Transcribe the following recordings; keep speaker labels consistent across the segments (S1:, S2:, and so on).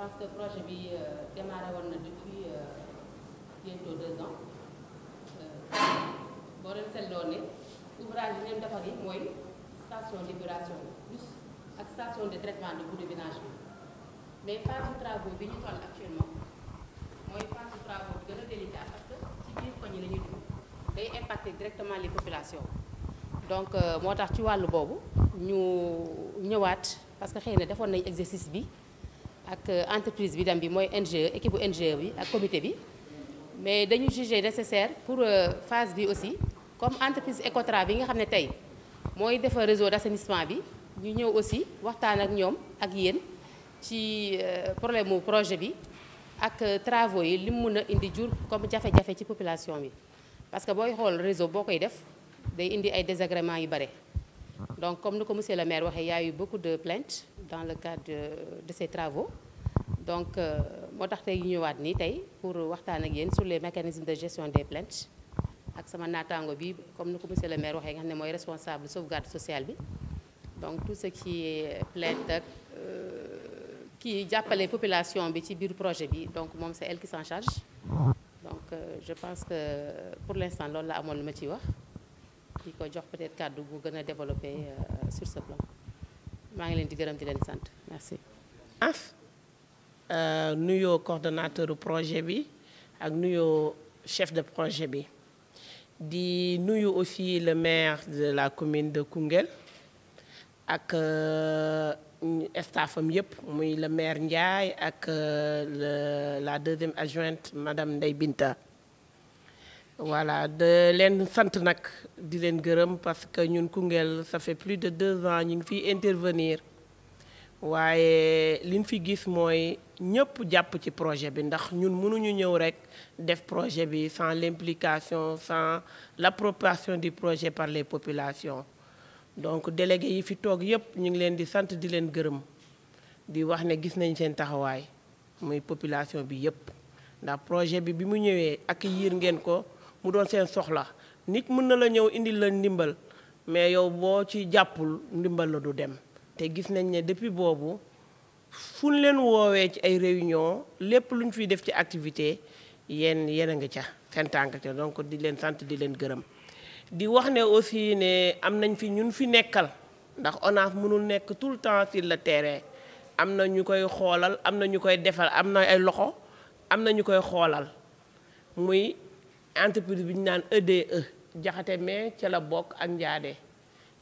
S1: pense que projet bi euh, démarré woon na depuis euh, ans euh, boo leen seetloo ne ouvrage bi ñu defar yi mooy station libération plus ak station de traitement de boue de binage mooy phase travaux bi gën a délicat parce que ci biir koñ yi la ñuy dugg day impacter directement les populations donc moo tax ci wàllu boobu ñu ñëwaat parce que xëy defoon nañ exercice bi ak euh, entreprise bi dem bi mooy NGE équipe bu e bi ak comité bi mais dañu jugé nécessaire pour euh, phase bi aussi comme entreprise Ecotra bi nga xam ne tey mooy defar réseau d'assainissement bi ñu ñëw aussi waxtaan ak ñoom ak yéen ci euh, problème mu projet bi ak travaux yi li mu mën a indi jur comme jafe-jafe ci population bi parce que booy xool réseau boo koy def day indi ay désagréments yu bare. donc comme ni ko monsieur le maire waxee y a eu beaucoup de plaintes dans le cadre de, de ces travaux donc euh, moo tax tey ñëwaat nii tey pour waxtaan ak yéen sur les mécanismes de gestion des plaintes ak sama naataango bi comme ni ko monsieur le maire waxee nga xam ne mooy responsable sauvegarde sociale bi donc tout ce qui est plainte ak euh, kii jàppale population bi ci biir projet bi donc moom c'est elle qui s'en charge donc euh, je pense que pour l'instant loolu la amoon lu ma ciy wax di ko jox peut-être kàddu bu gën a développé euh, sur ce plan maa ngi leen di gërëm di leen sant merci. af
S2: euh, nuyoo coordonnateur projet bi ak nuyoo chef de projet bi di nuyu aussi le maire de la commune de Koungheul ak euh, staffam yëpp muy le maire Ndiaye ak la deuxième adjointe madame Ndeye Binta. voilà de leen sant nag di leen gërëm parce que ñun Koungheul sa fait plus de deux ans ñu ngi fiy intervenir waaye li ñu fi gis mooy ñëpp jàpp ci projet bi ndax ñun munuñu ñëw rek def projet bi sans l'implication sans l'appropriation du projet par les population donc délégué yi fi toog yëpp ñu ngi leen di sant di leen gërëm di wax ne gis nañ seen taxawaay muy population bi yëpp ndax projet bi bi mu ñëwee accueillir ngeen ko mu doon seen soxla nit mën na la ñëw indil la ndimbal mais yow boo ci jàppul ndimbal la du dem te gis nañ ne depuis boobu fu leen woowee ci ay réunion lépp lu ñu fiy def ci activité yéen yéen a ngi ca seen tànk ca donc di leen sant di leen gërëm di wax ne aussi ne am nañ fi ñun fi nekkal ndax ONAS mënul nekk tout le temps sur le terrain am na ñu koy xoolal am na ñu koy defal am na ay loxo am na ñu koy xoolal muy entreprise bi ñu naan EDE e. jaxate mais ca la bokk ak njaade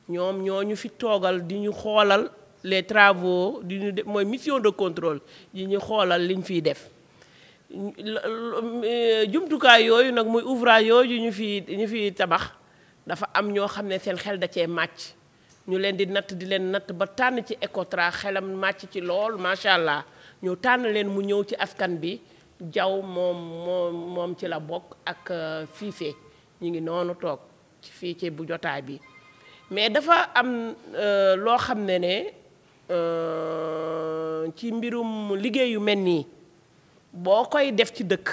S2: ñoom ñoo ñu fi toogal di ñu xoolal les travaux di ñu def mooy mission de contrôle yi ñu xoolal liñ fiy def jumtukaay yooyu nag muy ouvrage yooyu ñu fi ñu fi tabax dafa am ñoo xam ne seen xel da cee màcc ñu leen di natt di leen natt ba tànn ci Ecotra xelam màcc ci lool macha allah ñu tànn leen mu ñëw ci askan bi jaw moom moom moom ci la bokk ak euh, fiifee ñu ngi noonu toog ci fii ci bu jotaay bi mais dafa am euh, loo xam ne ne euh, ci mbirum liggéey yu mel nii boo koy def ci dëkk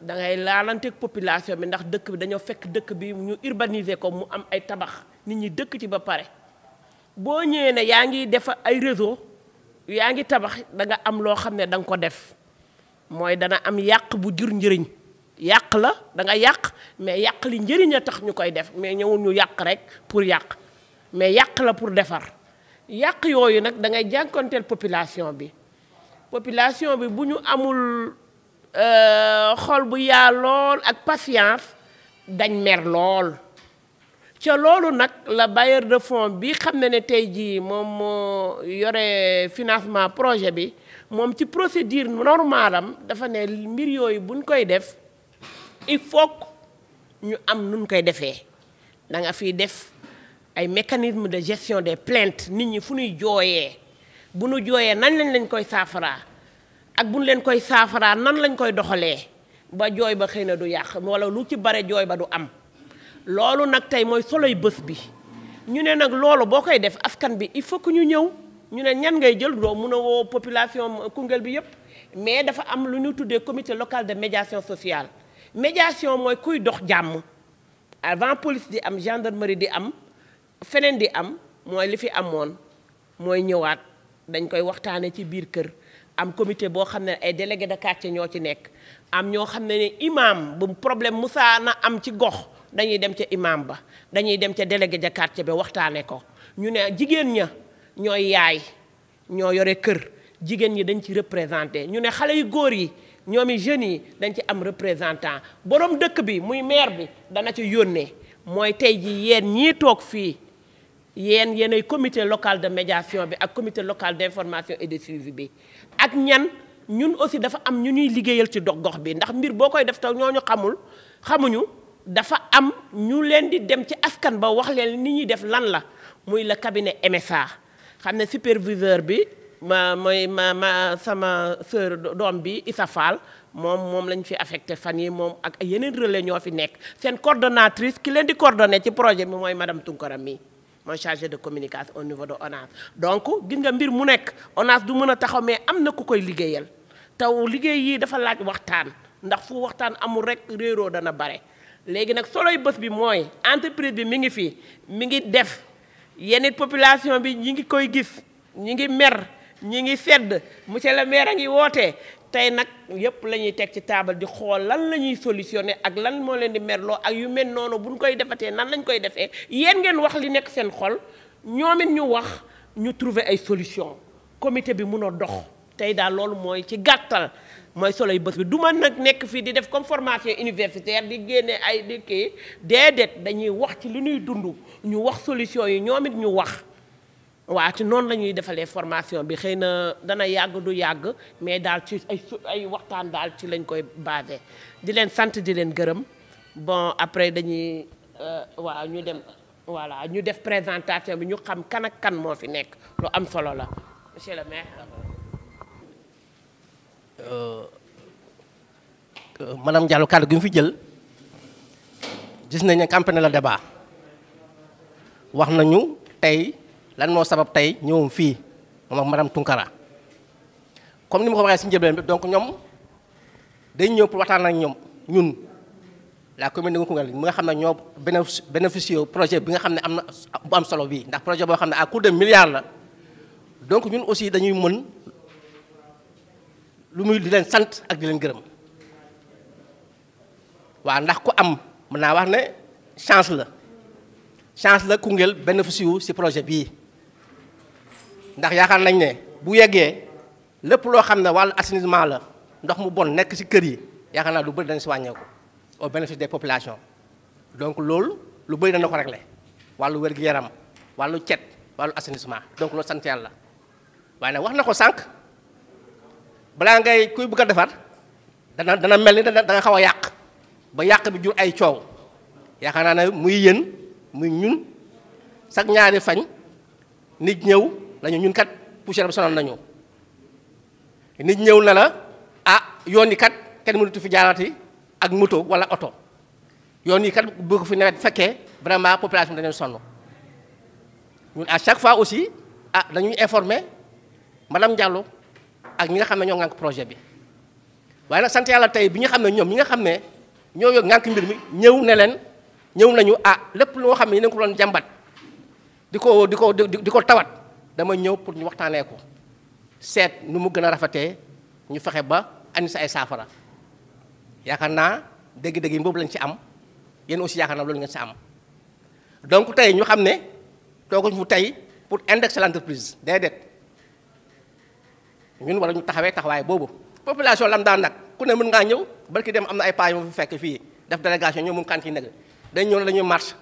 S2: da ngay laalanteeg population bi ndax dëkk bi dañoo fekk dëkk bi ñu urbaniser ko mu am ay tabax nit ñi dëkk ci ba pare boo ñëwee ne yaa ngi def ay réseau yaa ngi tabax da am loo xam ne da nga ko def mooy dana am yàq bu jur njëriñ yàq la da nga yàq mais yàq li njëriñ a tax ñu koy def mais ñëwul ñu yàq rek pour yàq mais yàq la pour defar yàq yooyu nag da ngay jànkonteel population bi population bi bu ñu amul euh, xol bu yaa lool ak patience dañ mer lool ca loolu nag la bailleur de fonds bi xam ne ne tey jii moom moo yore financement projet bi moom ci procédure normalam dafa ne mbir yooyu buñ koy def il faut ñu am nuñ koy defee da nga fiy def ay mécanisme de gestion des plaintes nit ñi fu ñuy jooyee bu ñu jooyee nañ lañ lañ koy saafaraa ak bu ñu leen koy saafaraa nan lañ koy doxalee ba jooy ba xëy na du yàq walla lu ci bare jooy ba du am loolu nag tey mooy soloy bës bi ñu ne nag loolu boo koy def askan bi il faut que ñu ñëw ñu ne ñan ngay jël doo mun a woo population Koungheul bi yëpp mais dafa am lu ñu tuddee comité local de médiation sociale médiation mooy kuy dox jàmm avant police di am gendarmerie di am feneen di am mooy li fi amoon mooy ñëwaat dañ koy waxtaanee ci biir kër am comité boo xam ne ay délégué de quartier ñoo ci nekk am ñoo xam ne ne imam bu problème musaa na am ci gox dañuy dem ca imaam ba dañuy dem ca délégué de quartier ba waxtaanee ko ñu ne jigéen ña. ñooy yaay ñoo yore kër jigéen ñi dañ ci représenté ñu ne xale yu góor yi ñoomi jeunes yi dañ ci am représentant borom dëkk bi muy maire bi dana ci yónnee mooy tey ji yéen ñii toog fii yéen yéenay comité local de médiation bi ak comité local d'information et de bi ak ñan ñun aussi dafa am ñu ñuy liggéeyal ci dox gox bi ndax mbir boo koy def taw ñooñu xamul xamuñu dafa am ñu leen di dem ci askan ba wax leen ni ñuy def lan la muy le cabinet MSA xam ne superviseur bi ma mooy ma ma sama sœur doom bi Issa Fall moom moom lañ fi affecté fan yi moom ak yeneen relais ñoo fi nekk seen cordonatrice ki leen di coordonné ci projet bi mooy madame Tunkara mi mooy chargé de communication au niveau de ONAS donc gis nga mbir mu nekk ONAS du mën a taxaw mais am na ku koy liggéeyal taw liggéey yi dafa laaj waxtaan ndax fu waxtaan amul rek réeroo dana bare léegi nag soloy bës bi mooy entreprise bi mi ngi fii mi ngi def yenn population bi ñi ngi koy gis ñi ngi mer ñi ngi sedd monsieur le maire a ngi wootee tey nag yépp la ñuy teg ci taabal di xool lan la ñuy solutionné ak lan moo leen di merloo ak yu mel noonu bu buñ koy defatee nan lañ koy defee yéen ngeen wax li nekk seen xol ñoomit ñu wax ñu trouver ay solution comité bi mun a dox tey daal loolu mooy ci gàttal mooy solo yu bés bi du ma nag nekk fii di def comme formation universitaire di génne ay di kii déedéet dañuy wax ci li ñuy dund ñu wax solution yi ñoom it ñu wax waa ci noonu la ñuy defalee formation bi xëy na dana yàgg du yàgg mais daal ci ay waxtaan daal ci lañ koy basé di leen sant di leen gërëm bon après dañuy euh, waaw ñu dem voilà ñu def présentation bi ñu xam kan kan moo fi nekk lu am solo la monsieur le
S3: Euh, euh, manam Diallo kàddu gi mu fi jël gis nañ ne campagne la débat wax nañu tey lan moo sabab tey ñëwum fii moom ak madame Tunkara comme ni ma ko waxee si njëlbeen bi donc ñoom day ñëw pour waxtaan ak ñoom ñun la commune de Koungheul mi nga xam ne ñoo bénéficié projet bi nga xam ne am na bu am solo bii ndax projet boo xam ne à coup de milliards la donc ñun aussi dañuy mën lu muy di leen sant ak di leen gërëm waaw ndax ku am mën naa wax ne chance la chance la Koungheul bénéficié wu si projet bii ndax yaakaar nañ ne bu yeggee lépp loo xam ne wàllu assainissement la ndox mu bon nekk si kër yi yaakaar naa lu bëri dañ si wàññeeku au bénéfice des population donc loolu lu bëri dana ko réglé wàllu wér-gu-yaram wàllu cet wàllu assainissement donc loolu sant yàlla waaye nag wax na ko sànq. balaa ngay kuy bugg a defar dana dana mel ni da nga xaw a yàq ba yàq bi jur ay coow yaakaar naa ne muy yéen muy ñun sax ñaari fañ nit ñëw lañu ñun kat poussière bi sonal nañu nit ñëw na la ah yoon yi kat kenn mënatu fi jaarati ak moto wala oto yoon yi kat bëgg fi nawet fekkee vraiment population dañu sonn ñun à chaque fois aussi ah dañuy informer madame Diallo ak ñi nga xam ne ñoo ŋànk projet bi waaye nag sant yàlla tey bi nga xam ne ñoom ñi nga xam ne ñoo yor ŋànk mbir mi ñëw ne leen ñëw nañu ah lépp loo xam ne yéen ko doon jàmbat di ko di ko di ko tawat dama ñëw pour ñu waxtaanee ko seet nu mu gën a rafetee ñu fexe ba andi sa ay saafara yaakaar naa dégg-dégg yi boobu lañ ci am yenn aussi yaakaar naa loolu ngeen ci am donc tey ñu xam ne tooguñ fu tey pour indexer day déedéet ñun war ñu taxawee taxawaay boobu population lam daan nag ku ne mën ngaa ñëw barki dem am na ay paa yu fi fekk fii def délégation ñoom mu kan ki nag dañ ñëw ne dañuy marche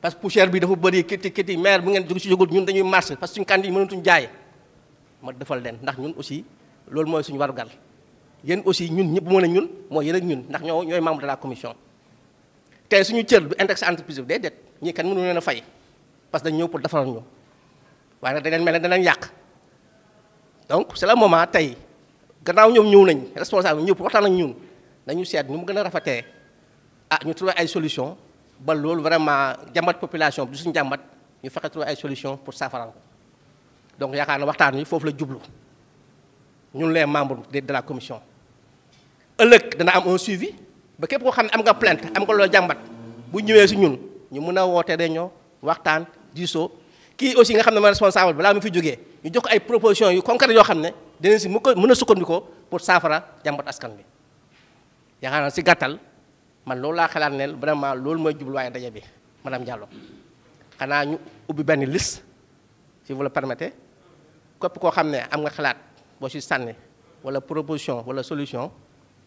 S3: parce que poussière bi dafa bëri kiti kiti maire bu ngeen jóg si jógul ñun dañuy marche parce que suñu kanti yi mënatuñ jaay ma defal leen ndax ñun aussi loolu mooy suñu warugal yéen aussi ñun ñëpp mën a ñun mooy yéen ñun ndax ñoo ñooy membre de la commission te suñu cër bi index entreprise bi déedéet ñii kenn mënu leen fay parce que ñëw pour defaral ñu waaye nag dañ leen mel ne danañ yàq donc c'est le moment tey gannaaw ñoom ñëw nañ responsable ñëpp waxtaan ak ñu nañu seet ñu mu gën a rafetee ah ñu trouver ay solution ba loolu vraiment jàmbat population bi du suñu jàmbat ñu fexe trouver ay solution pour saafara ko yaakaar na waxtaan wi foofu la jublu ñun les membres de de la commission ëllëg dana am un suivi ba képp koo xam ne am nga plainte am nga loo jàmbat bu ñëwee si ñun ñu mën a wootee dañoo waxtaan diisoo kii aussi nga xam ne mooy responsable balaa mu fi jógee ñu jox ko ay proposition yu concret yoo xam ne dinañ si mu ko mën a sukkandikoo pour saafara jàmbat askan bi yaakaar naa si gàttal man loolu laa xalaat ne vraiment loolu mooy jubluwaayu daje bi madame Diallo xanaa ñu ubbi benn liste si vous le permettez képp koo xam ne am nga xalaat boo si sànni wala proposition wala solution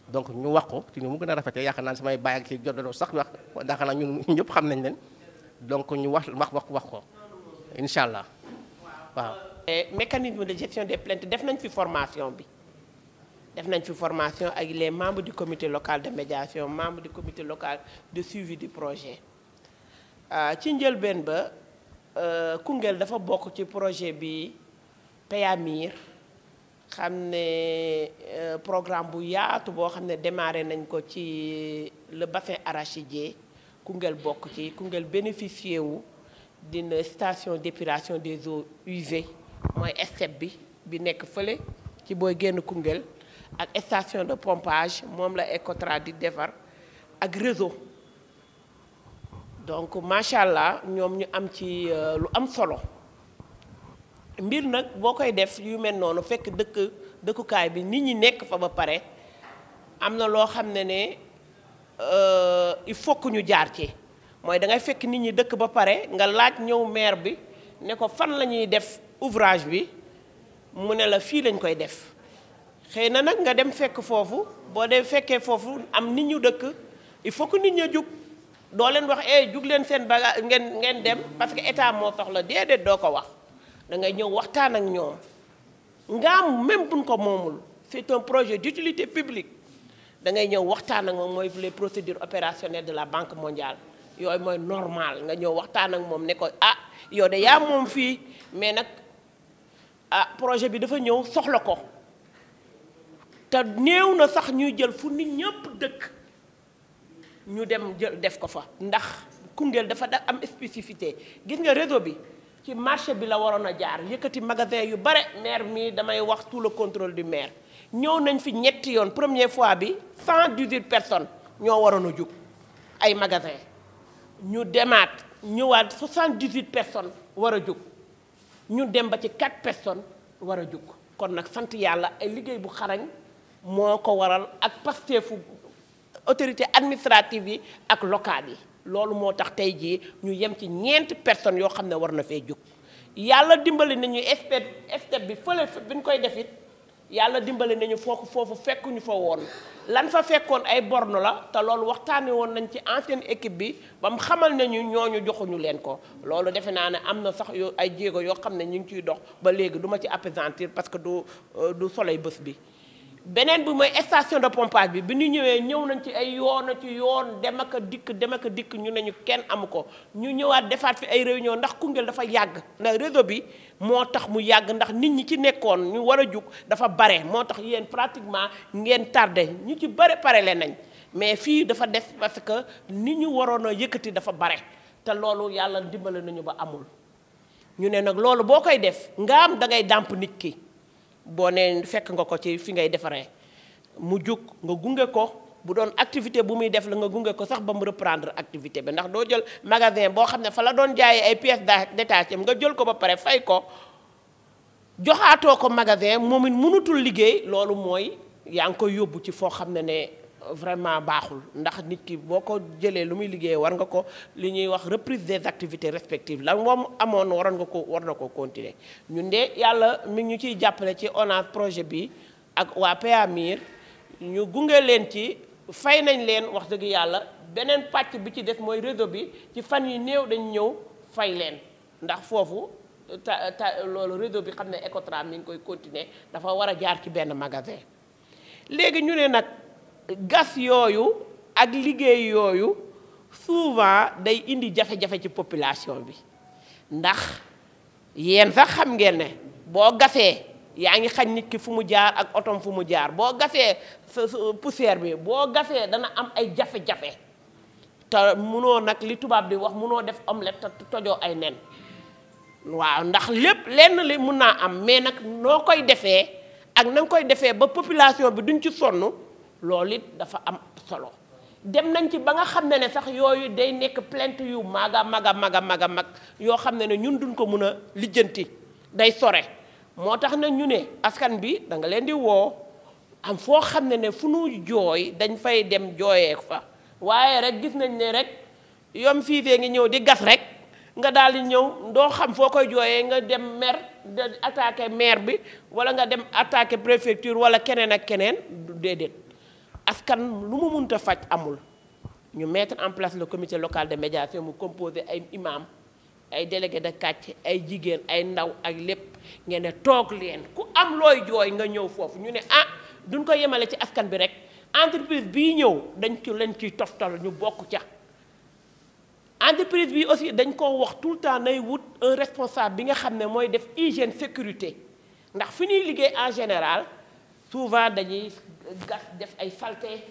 S3: donc ñu wax ko te ñu mu gën a rafetee yaakaar naa samay bàyyi ak si jot sax wax yaakaar naa ñun ñëpp xam nañ leen donc ñu wax wax wax ko incha allah
S2: Eh, mécanisme de gestion des plaintes def nañ fi formation bi def nañ fi formation ak les membres di comité local de médiation membres du comité local de suivi du projet ah, ci njëlbeen ba euh, Koungheul dafa bokk ci projet bi PAMIR xam ne euh, programme bu yaatu boo xam ne démarré nañ ko ci le bassin arachidier Koungheul bokk ci Koungheul bénéficié wu d'une station d'épuration des eaux usées mooy step bi bi nekk fële ci booy génn Koungheul ak station de pompage moom la Ecotra di defar ak réseau donc macha allah ñoom ñu am ci euh, lu am solo mbir nag boo koy def yu mel noonu fekk dëkk dëkkukaay bi nit ñi nekk fa ba pare am na loo xam ne ne euh, il faut ñu jaar ci mooy dangay fekk nit ñi dëkk ba pare nga laaj ñëw maire bi ne ko fan la ñuy def ouvrage bi mu ne la fii lañ koy def xëy na nag nga dem fekk foofu boo dee fekkee foofu am nit ñu dëkk il faut que nit ña jug doo leen wax eh jug leen seen bagage ngeen ngeen dem parce que état moo soxla déedéet doo ko wax da ngay ñëw waxtaan ak ñoom nga am même buñ ko moomul c'est un projet d'utilité publique da ngay ñëw waxtaan ak moom mooy les procédures opérationnelles de la banque mondiale yooyu mooy normal nga ñëw waxtaan ak moom ne ko ah yow de yaa moom mais nag ah projet bi dafa ñëw soxla ko te néew na sax ñuy jël fu nit ñëpp dëkk ñu dem jël def ko fa ndax Koungheul dafa da am spécifité gis nga réseau bi ci marché bi la waroon a jaar yëkkati magasin yu bare maire mii damay wax tout le contrôle du maire ñëw nañ fi ñetti yoon première fois bi cent dix-huit personnes ñoo waroon a jug ay magasin ñu demaat ñëwaat soixante-dix-huit personnes war a jóg ñu dem ba ci quatre personnes war a jug kon nag sant yàlla ay liggéey bu xarañ moo ko waral ak pasteefu autorité administrative yi ak locale yi loolu moo tax tey jii ñu yem ci ñeenti personnes yoo xam ne war na fee jug yàlla dimbali nañu step step bi fële bi ñu koy def it yàlla dimbali nañu foofu foofu fekkuñu fa woon lan fa fekkoon ay born la te loolu waxtaane woon nañ ci ancienne équipe bi ba mu xamal nañu ñu joxuñu leen ko loolu defe naa ne am na sax yo ay jéego yoo xam ne ñu ngi ciy dox ba léegi duma ci appesantir parce que du euh, du soleil bés bi beneen bi mooy estation de pompage bi bi ñu ñëwee ñëw nañ ci ay yoona ci yoon dem ak dikk dem ak dikk ñu ne ñu kenn amu ko ñu ñëwaat defaat fi ay réunion ndax Koungheul dafa yàgg ndax réseau bi moo tax mu yàgg ndax nit ñi ci nekkoon ñu war a jug dafa bare moo tax yéen pratiquement ngeen tardé ñu ci bare pare leen nañ mais fii dafa des parce que nit ñu waroon a yëkkati dafa bare te loolu yàlla dimbale nañu ba amul ñu ne nag loolu boo koy def nga am da ngay dàmp nit ki. boo nee fekk nga ko ci fi ngay defaree mu jug nga gunge ko bu doon activité bu muy def la nga gunge ko sax ba mu reprendre activité bi ndax doo jël magasin boo xam ne fa la doon jaayee ay pièces détachées nga jël ko ba pare fay ko joxaatoo ko magasin moom it mënutul liggéey loolu mooy yaa ngi koy yóbbu ci foo xam ne ne. vraiment baaxul ndax nit ki boo ko jëlee lu muy liggéey war nga ko li ñuy wax reprise des activités respectives la moom amoon waroon nga ko war na ko continuer ñun de yàlla mi ñu ciy jàppale ci ONAS projet bi ak waa PAMIR ñu gunge leen ci fay nañ leen wax dëgg yàlla beneen pàcc bi ci des mooy réseau bi ci fan yi néew dañ ñëw fay leen ndax foofu ta ta loolu réseau bi xam ne Ecotra mi ngi koy continuer dafa war a jaar ci benn magasin léegi gas yooyu ak liggéey yooyu souvent day indi jafe-jafe ci population bi ndax yéen sax xam ngeen ne boo gasee yaa ngi xaj nit ki fu mu jaar ak otom fu mu jaar boo gasee sa poussière bi boo gasee dana am ay jafe-jafe te munoo nag li tubaab di wax munoo def omelette tojoo ay nen waaw ndax lépp lenn li mun naa am mais nag noo koy defee ak na koy defee ba population bi duñ ci sonn loolu it dafa am solo dem nañ ci ba nga xam ne ne sax yooyu day nekk plainte yu maga a mag a mag a mag yoo xam ne ne ñun duñ ko mun a lijjanti day sore moo tax na ñu ne askan bi da nga leen di woo am foo xam ne ne fu nu jooy dañ fay dem jooyee fa waaye rek gis nañ ne rek yom fiifee ngi ñëw di gas rek nga daal di ñëw doo xam foo koy jooyee nga dem maire de attaqué maire bi wala nga dem attaqué préfecture wala keneen ak keneen du déedéet askan lu mu munta faj amul ñu metre en place le commité local de médiation mu composé ay imam ay délégué de quartier ay jigéen ay ndaw ak lépp ngeen ne toog leen ku am looy jooy nga ñëw foofu ñu ne ah duñ ko yemale ci askan bi rek entreprise bi ñëw dañ ci leen ciy toftal ñu bokk ca entreprise bi aussi dañ ko wax tout le temps nay wut un responsable bi nga xam ne mooy def hygiène sécurité ndax fi ñuy liggéey en général souvent dañuy gas def ay saleté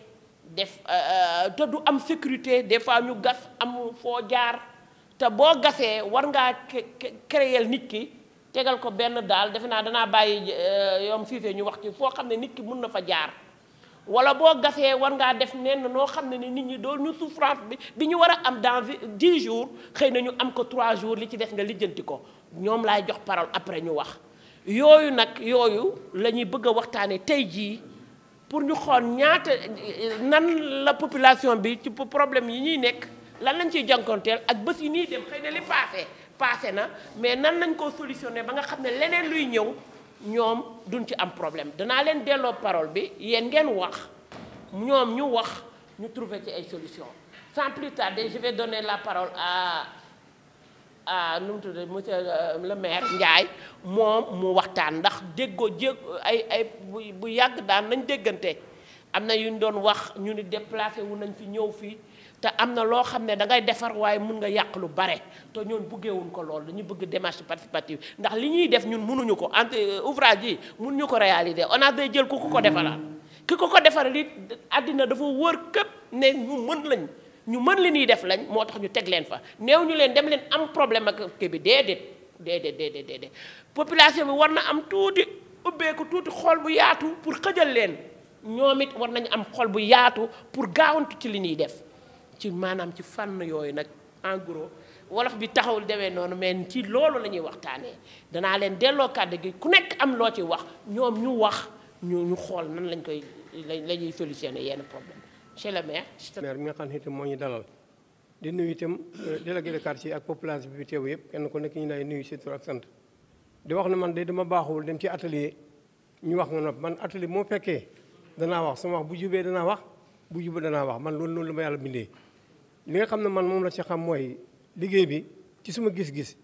S2: def euh, euh, te du am sécurité des fois ñu gas am foo jaar te boo gasee war ngaa créer nit ki tegal ko benn daal defe naa danaa bàyyi euh, yoom Cissé ñu wax ci foo xam ne nit ki mun na fa jaar wala boo gasee war ngaa def nenn noo xam ne ni nit ñi doo ñu souffrance bi bi ñu war a am dans dix jours xëy na ñu am ko trois jours li ci des nga lijjanti ko ñoom laay jox parole après ñu wax yooyu nag yooyu la ñuy bëgg a waxtaane tey jii pour ñu xool ñaata nan la population bi ci problème yi ñuy nekk lan lañ ciy jànkonteel ak bés yi nii dem xëy na li passé passé na mais nan lañ koo solutionné ba nga xam ne leneen luy ñëw ñoom duñ ci am problème danaa leen delloo parole bi yéen ngeen wax ñoom ñu wax ñu trouver ci ay solution sans plus tarder je vais donner la parole à nu mu tudd monsieur euh, le maire Ndiaye moom mu waxtaan ndax déggoo jég ay ay bu bu yàgg daan nañ déggante am na yu ñu doon wax ñu ni déplacé wu nañ fi ñëw fii te am na loo xam ne da ngay defar waaye mun nga yàq lu bare te ñoon bëggeewuñ ko lool dañu bëgg démarche participative ndax li ñuy def ñun munuñu ko entre euh, ouvrage yi munuñu ko réaliser on day jël ku ko ko defaraat ki ko ko defar li àddina dafa wër képp ne ñu mën lañ ñu mën li ñuy def lañ moo tax ñu teg leen fa néew ñu leen dem leen am problème ak kii bi déedéet déedéet déedéet déedéet population bi war na am tuuti ubbeeku tuuti xool bu yaatu pour xëjal leen ñoom it war nañu am xool bu yaatu pour gaawantu ci li ñuy def ci maanaam ci fànn yooyu nag en wolof bi taxawul demee noonu mais ci loolu lañuy waxtaanee danaa leen delloo kàddu gi ku nekk am loo ci wax ñoom ñu wax ñu ñu xool nan lañ koy la ñuy solutionné yenn problème chez le maire. maire bi nga xam ne itam moo ñu dalal
S4: di nuyu itam euh, délégué de quartier ak population bi teew yëpp kenn ku nekk ñu lay nuyu si tur ak sant di wax ne man de dama baaxul dem ci atelier ñu wax nga nopp man atelier moo fekkee danaa wax sama wax bu jubee danaa wax bu jubee danaa wax man loolu loolu la ma yàlla bindee. li nga xam ne man moom la ci xam mooy liggéey bi ci suma gis-gis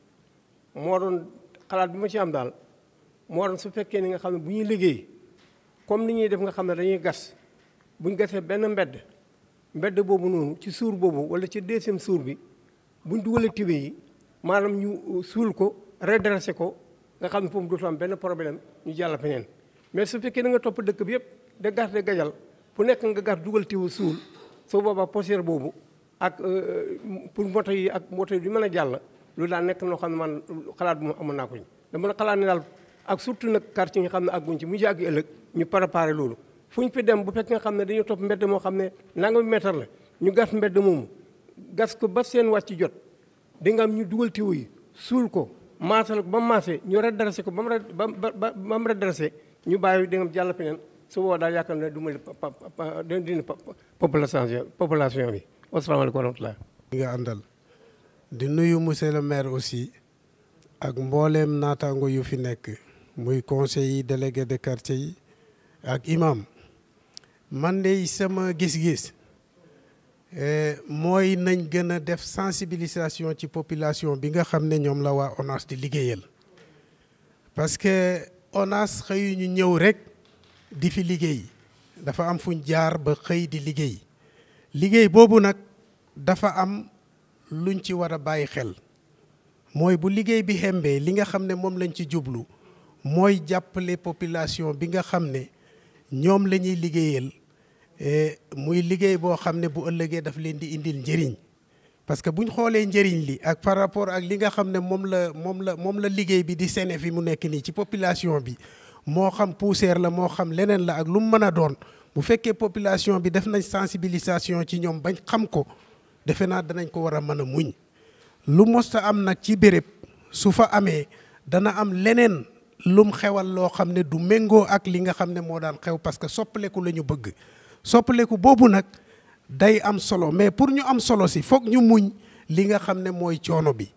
S4: moo doon xalaat bi ma ci am daal moo doon su fekkee ni nga xam ne bu ñuy liggéey comme ni ñuy def nga xam ne dañuy gas. buñ gasee benn mbedd mbedd boobu noonu ci suur boobu wala ci deuxième suur bi buñ dugalee tibe yi maanam ñu euh, suul ko redressé ko nga xam ne foofu dootu am benn problème ñu jàll feneen mais su fekkee da nga topp dëkk bi yëpp de gas de gajal fu nekk nga gas dugal tiwu suul soo boobaa poussière boobu ak euh, euh, pour moto yi ak moto yi du mën a jàll lu daal nekk noo xam ne man xalaat bu ma amoon naa ko dama la xalaat ne daal ak surtout nag quartier yi nga xam ne àgguñ ci mu jàggi ëllëg ñu préparé loolu fu ñu fi dem bu fekkee nga xam ne dañu topp mbedd moo xam ne nangam mètre la ñu gas mbedd moomu gas ko ba seen wàcc jot di nga am ñu dugal tiwu yi suul ko maasal ko ba mu maasee ñu redressé ko ba mu ba ba mu redressé ñu bàyyi di nga am jàll feneen su boobaa ne du ma dina dina population population bi
S5: wasalaamaaleykum wa rahmatulah. ñu nga àndal di nuyu mu seen maire aussi ak mbooleem naataango yu fi nekk muy conseil yi délégué de quartier yi ak imam. man de sama gis-gis eh, mooy nañ gën a def sensibilisation ci population bi nga xam ne ñoom la waa ONAS di liggéeyal parce que ONAS xëyu ñëw rek di fi liggéey dafa am fuñ jaar ba xëy di liggéey liggéey boobu nag dafa am luñ ci war a bàyyi xel mooy bu liggéey bi xembee li nga xam ne moom lañ ci jublu mooy jàppale population bi nga xam ne ñoom la ñuy liggéeyal eh, muy liggéey boo xam ne bu ëllëgee daf leen di indil njëriñ parce que bu xoolee njëriñ li ak par rapport ak li nga xam ne moom la moom la moom la liggéey bi di sene fi mu nekk nii ci population bi moo xam poussière la moo xam leneen la ak lu mu mën a doon bu fekkee population bi def nañ sensibilisation ci ñoom bañ xam ko defe naa danañ ko war a mën a muñ lu mosta am nag ci béréb su fa amee dana am leneen lum xewal loo xam ne du méngoo ak li nga xam ne moo daan xew parce que soppaleku la ñu bëgg soppaleku boobu nag day am solo mais pour ñu am solo si foog ñu muñ li nga xam ne mooy coono bi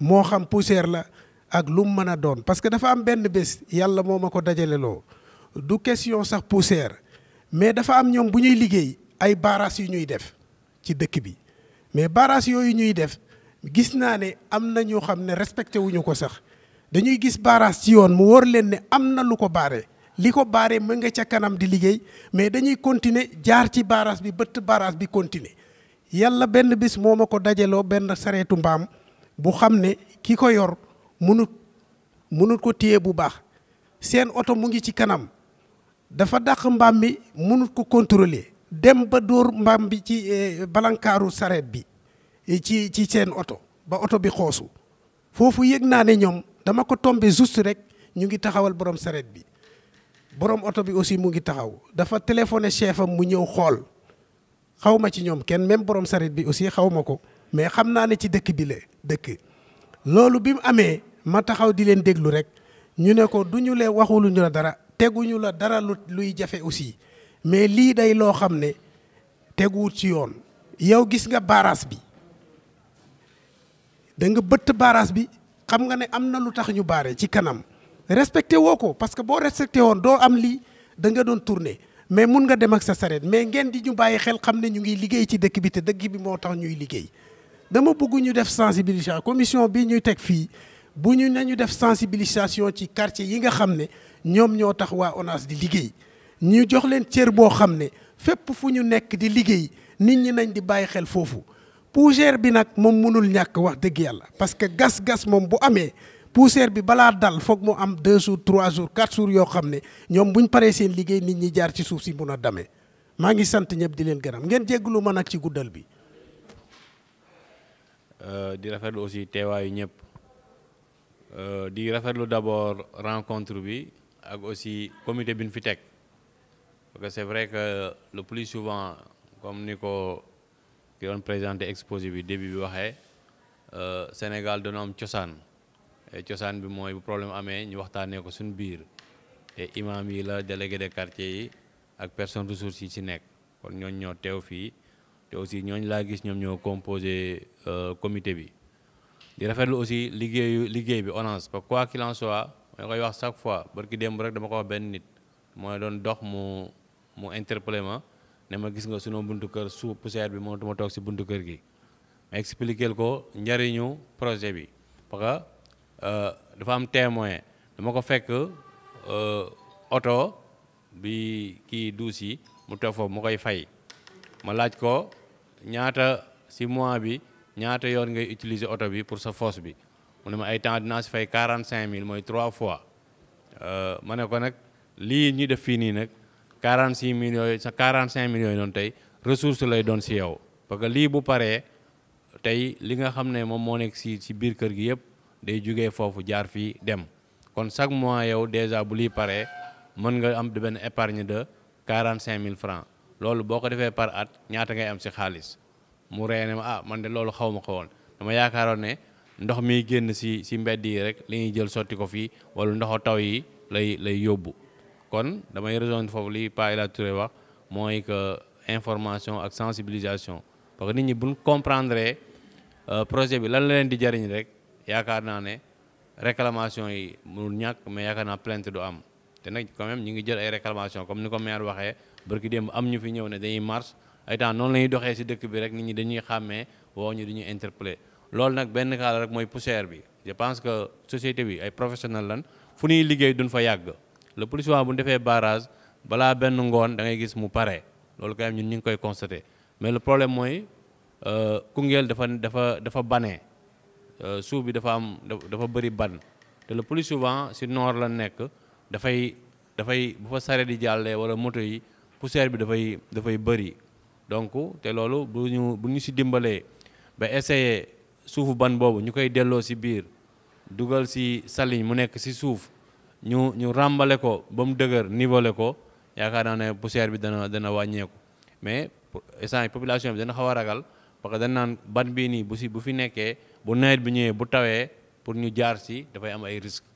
S5: moo xam poussière la ak lum mën a doon parce que dafa am benn bés yàlla moo ma ko dajaleloo du question sax poussière mais dafa am ñoom bu ñuy liggéey ay barrages yu ñuy def ci dëkk bi mais barrages yooyu ñuy def gis naa ne am na ñoo xam ne respecté wuñu ko sax dañuy gis barrage ci yoon mu wóor leen ne am na lu ko baare li ko baare mu nga ca kanam di liggéey mais dañuy continuer jaar ci barrage bi bëtt barrage bi continuer yàlla benn bis mooma ko dajaloo benn sareetu mbaam bu xam ne ki ko yor munut munut ko téye bu baax seen oto mu ngi ci kanam dafa dàq mbaam mi munut ko contrôler dem ba dóor mbaam bi ci eh, balankaaru sareet bi eh, ci ci seen oto ba oto bi xoosu foofu yëg naa ne ñoom dama ko tombé juste rek ñu ngi taxawal borom saret bi borom oto bi aussi mu ngi taxaw dafa téléphoné chef am mu ñëw xool xawma ci ñoom kenn même borom saret bi aussi xaw ma ko mais xam naa ne ci dëkk bi la dëkk. loolu bi mu amee ma taxaw di leen déglu rek ñu ne ko du ñu leen waxuluñu la dara teguñu la dara luy jafe aussi mais lii day loo xam ne teguwut ci yoon. yow gis nga baaraas bi da nga bëtt baaraas bi. xam nga ne am na lu tax ñu baare ci kanam respecté woo ko parce que boo respecté woon doo am lii da nga doon tourner mais mun nga dem ak sa sareet mais ngeen di ñu bàyyi xel xam ne ñu ngi liggéey ci dëkk bi te dëkk bi moo tax ñuy liggéey dama bëgg ñu def sensibilisation commission bi ñuy teg fii bu ñu nañu def sensibilisation ci quartier yi nga xam ne ñoom ñoo tax waa ONAS di liggéey ñu jox leen cër boo xam ne fépp fu ñu nekk di liggéey nit ñi nañ di bàyyi xel foofu poussière bi nag moom mënul ñàkk wax dëgg yàlla parce que gas-gas moom bu amee poussière bi balaa dal foog mu am deux jours trois jours quatre jours yoo xam ne ñoom buñ paree seen liggéey nit ñi jaar ci suuf si mun a damee maa ngi sant ñëpp di leen gërëm ngeen jégglu ma nag ci guddal bi
S6: euh, di rafetlu aussi teewaayu ñëpp euh, di rafetlu d'abord rencontre bi ak aussi comité bi ñu fi teg parce c'est vrai que le plus souvent comme ni ko ki doon présenté exposé bi début bi waxee euh, Sénégal dana am cosaan cosaan bi mooy bu problème amee ñu waxtaanee ko suñu biir te imam yi la délégué de quartier yi ak personne ressource yi ci nekk kon ñooñ ñoo teew fii te aussi ñooñ laa gis ñoom ñoo composé euh, comité bi di rafetlu aussi liggéeyu liggéey bi ONAS parce que quoi qu'il en soit ma koy wax chaque fois barki démb rek dama ko wax benn nit mooy doon dox mu mu interpellé ne ma gis nga sunu buntu kër suuf poussière bi mënatuma toog si buntu kër gi ma expliquer ko njariñu projet bi parce que euh, dafa am témoin dama ko fekk euh, oto bi kii duus yi mu toog foofu mu koy fay ma laaj ko ñaata si mois bi ñaata yoon ngay utiliser oto bi pour sa fosse bi mu ne ma ay temps dinaa si fay quarante cinq mille mooy trois fois euh, ma ne ko nag lii ñu def fii nii nag quarante six million yooyu sa quarante cinq tey ressource lay doon si yow parce que lii bu paree tey li nga xam ne moom moo nekk si si biir kër gi yëpp day jugee foofu jaar fii dem kon chaque mois yow déjà bu lii paree mën nga am benn épargne de quarante cinq mille francs loolu boo ko defee par at ñaata ngay am si xaalis mu ree ne ma ah man de loolu xaw ma xawoon dama yaakaaroon ne ndox miy génn si si mbedd yi rek li ñuy jël sotti ko fii wala ndoxu taw yi lay lay yóbbu kon damay rejoindre foofu li Pa Ila Touré wax mooy que information ak sensibilisation parce que nit ñi buñ comprendre euh, projet bi lan la leen di jariñ rek yaakaar naa ne réclamation yi mu ñàkk mais yaakaar naa plainte du am te nag quand même ñu ngi jël ay réclamation comme ni ko maire waxee barki démb am ñu fi ñëw ne dañuy marche ay temps noonu la ñuy doxee si dëkk bi rek nit ñi dañuy xàmmee woo ñu dañuy interpeller lool nag benn cas la rek mooy poussière bi je pense que société bi ay professionnels lan fu ñuy liggéey duñ fa yàgg le plus souvent bu ñu defee barrage balaa benn ngoon da gis mu pare loolu kay am ñun ñu ngi koy constaté mais le problème mooy euh, Koungheul dafa dafa dafa banee euh, suuf bi dafa am dafa bëri ban te le plus souvent si noor la nekk dafay dafay bu fa sare di jàllee wala moto yi poussière bi dafay dafay bëri donc te loolu bu ñu bu ñu si dimbalee ba essayer suufu ban boobu ñu koy delloo si biir dugal si saliñ mu nekk si suuf ñu ñu ràmbale ko ba mu dëgër nivelé ko yaakaar naa ne poussière bi dana dana wàññeeku mais instant population bi dana xaw a ragal parce que dañ naan ban bii nii bu si bu fi nekkee bu nawet bi ñëwee bu tawee pour ñu jaar si dafay am ay risques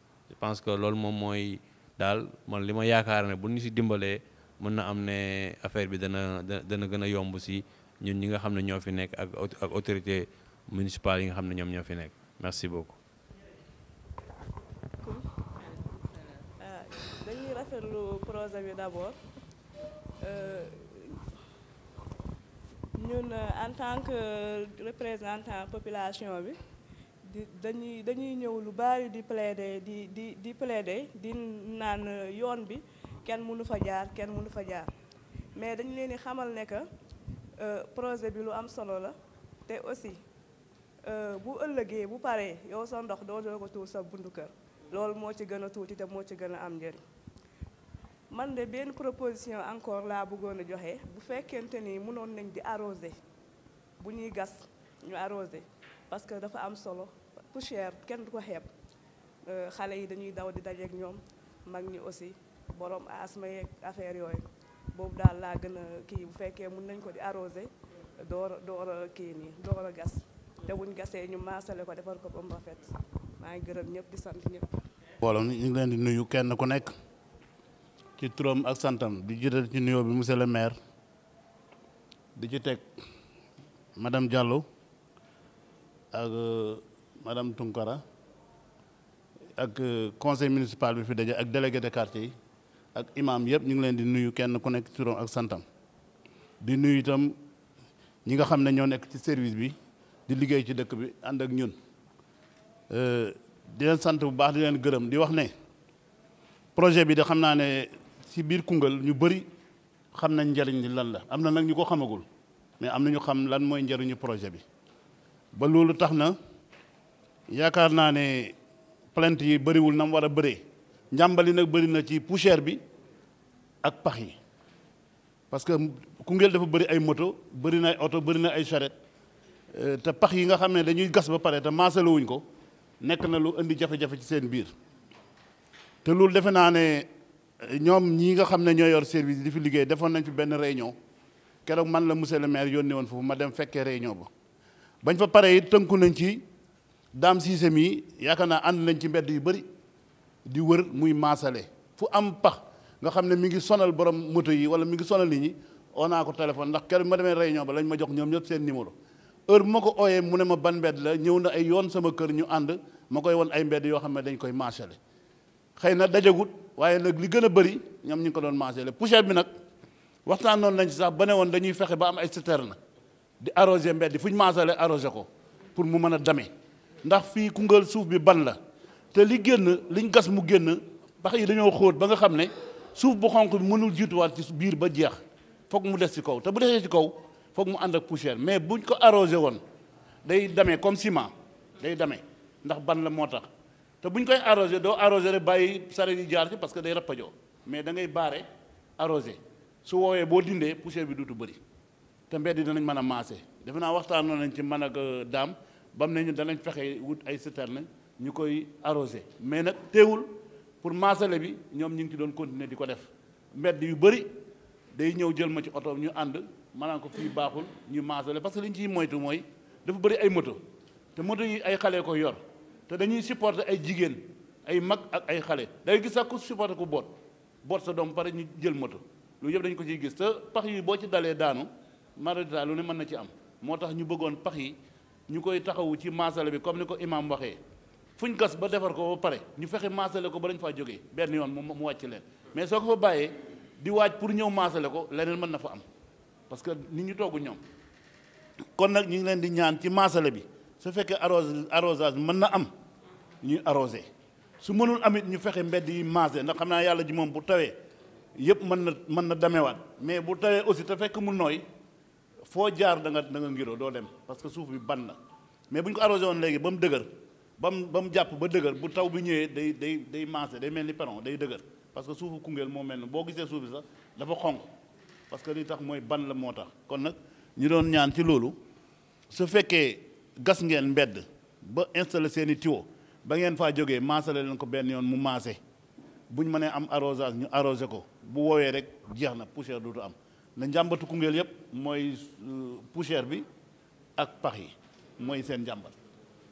S6: je que loolu moom mooy daal man li ma yaakaar ne bu ñu si dimbalee mën na am ne affaire bi dana dana gën a yomb si ñun ñi nga xam ne ñoo fi nekk ak ak autorité municipale yi nga xam ne ñoom ñoo fi nekk merci beaucoup
S7: rafetlu projet bi d'abord euh, ñun euh, en tant que euh, représentant population bi di dañuy dañuy ñëw lu bari di plaider di di di plaider di naan yoon bi kenn mënu fa jaar kenn mënu fa jaar mais dañu leen di xamal ne que projet bi lu am solo la te aussi bu ëllëgee bu paree yow sa ndox doo doo ko tuur sa bundu kër loolu moo ci gën a tuuti te moo ci gën a am njëriñ man de benn proposition encore laa bëggoon joxe bu fekkente ni munoon nañ di arrosé bu ñuy gas ñu arrosé parce que dafa am solo poussière kenn du ko xeeb euh, xale yi dañuy daw di dajeek ñoom mag ñi aussi borom ma yeeg affaire yooyu boobu daal laa gën a kii bu fekkee mun nañ ko di arrosé door door a kii nii door a gas te wuñ gasee ñu maasale ko defar ko ba mu rafet maa ngi gërëm ñëpp di sant ñëpp.
S8: mbooloo ñu ngi di nuyu kenn ku nekk. ci turam ak santam di jiital ci nuyoo bi mu le maire di ci teg madam Diallo ak euh, madame Tunkara ak euh, conseil municipal bi fi daje ak délégué de quartier yi ak imam yëpp ñu ngi leen di nuyu kenn ku nekk ci turam ak santam di nuyu itam ñi nga xam ne ñoo nekk ci service bi di liggéey ci dëkk bi ànd ak ñun euh, di leen sant bu baax di leen gërëm di wax ne projet bi de xam naa ne ci biir Koungheul ñu bëri xam nañ njëriñ li lan la am na nag ñu ko xamagul mais am na ñu xam lan mooy njariñu projet bi ba loolu tax na yaakaar naa ne plainte yi bëriwul na war a bëree njàmbali nag bëri na ci poussière bi ak pax yi parce que Koungheul dafa bëri ay moto bëri na ay oto bëri na ay charrette euh, te pax yi nga xam ne dañuy gas ba pare te maasalewuñ ko nekk na lu indi jafe-jafe ci seen biir te loolu defe naa ne ñoom ñii nga xam ne ñoo yor service di fi liggéey defoon nañ fi benn réunion keroog man la monsieur le maire yónnee woon foofu ma dem fekkee réunion ba bañ fa pare tënku nañ ci daam siise mi yaakaar naa ànd nañ ci mbedd yu bëri di wër muy maasale fu am pax nga xam ne mi ngi sonal borom moto yi wala mi ngi sonal nit ñi oo naa ko téléphone ndax keroog demee réunion ba lañ ma jox ñoom ñëpp seen numéro heure bu ma ko ooyee mu ne ma ban mbedd la ñëw na ay yoon sama kër ñu ànd ma koy won ay mbedd yoo xam ne dañ koy maasale xëy na dajagut waaye nag li gën a bëri ñoom ñu ngi ko doon mangé le poussière bi nag waxtaan noonu nañ ci sax ba ne woon dañuy fexe ba am ay citerne di arrosé mbedd fu ñu mangale arrosé ko pour mu mën a dame ndax fii Koungheul suuf bi ban la te li génn liñ gas mu génn pax yi dañoo xóot ba nga xam ne suuf bu xonq bi mënul jiituwaat ci biir ba jeex foog mu des ci kaw te bu desee ci kaw foog mu ànd ak poussière mais buñ ko arrosé woon day damee comme ciment day damee ndax ban la moo tax te bu ñu koy arrosé doo arrosé rek bàyyi saret yi jaar ci parce que day rappajoo mais da ngay baare arrosé su woowee boo dindee poussière bi du tu bëri te mbedd yi danañ mën a maase defe naa waxtaanoo nañ ci man ak euh, daam bam ne ñu danañ fexee wut ay citerne ñu koy arrosé mais nag teewul pour maasale bi ñoom ñu ngi ci doon continuer di ko def mbedd yu bëri day ñëw jël ma ci oto ñu ànd maanaam ko fii baaxul ñu maasale parce que li ñu ciy moytu mooy dafa bëri ay moto te moto yi ay xale ko yor te dañuy supporter ay jigéen ay mag ak ay xale day gis sax ku supporter boot boot sa doom pare ñu jël moto lu yëpp dañ ko ciy gis te pax yi boo ci dalee daanu maradita lu ne mën na ci am moo tax ñu bëggoon pax yi ñu koy taxawu ci maasale bi comme ni ko imaam waxee fu fuñ gas ba defar ko ba pare ñu fexe maasale ko ba dañ faa jógee benn yoon mu mu wàcc leen mais soo ko fa bàyyee di waaj pour ñëw maasale ko leneen mën na fa am parce que nit ñu togg ñoom kon nag ñu ngi leen di ñaan ci maasale bi su fekkee arrosage mën na am ñuy arrosé su mënul amit ñu fexe mbedd yi maase ndax xam naa yàlla ji moom bu tawee yëpp mën na mën na damewaat mais bu tawee aussi te fekk mu nooy foo jaar da nga da nga doo dem parce que suuf bi ban na mais bu ñu ko arrosé léegi ba mu dëgër ba mu ba mu jàpp ba dëgër bu taw bi ñëwee day day day maase day mel ni peron day dëgër parce que suufu Koungheul moo mel ni boo gisee suuf bi sax dafa xonq parce que li tax mooy ban la moo tax kon nag ñu doon ñaan ci loolu su fekkee gas ngeen mbedd ba installé seen i tuyau ba ngeen faa jógee maasale leen ko benn yoon mu maase bu ñu mënee am arrosage ñu arrosé ko bu woowee rek jeex na du dootu am la njàmbatu Koungheul yëpp mooy euh, poussière bi ak pax yi mooy seen njàmbat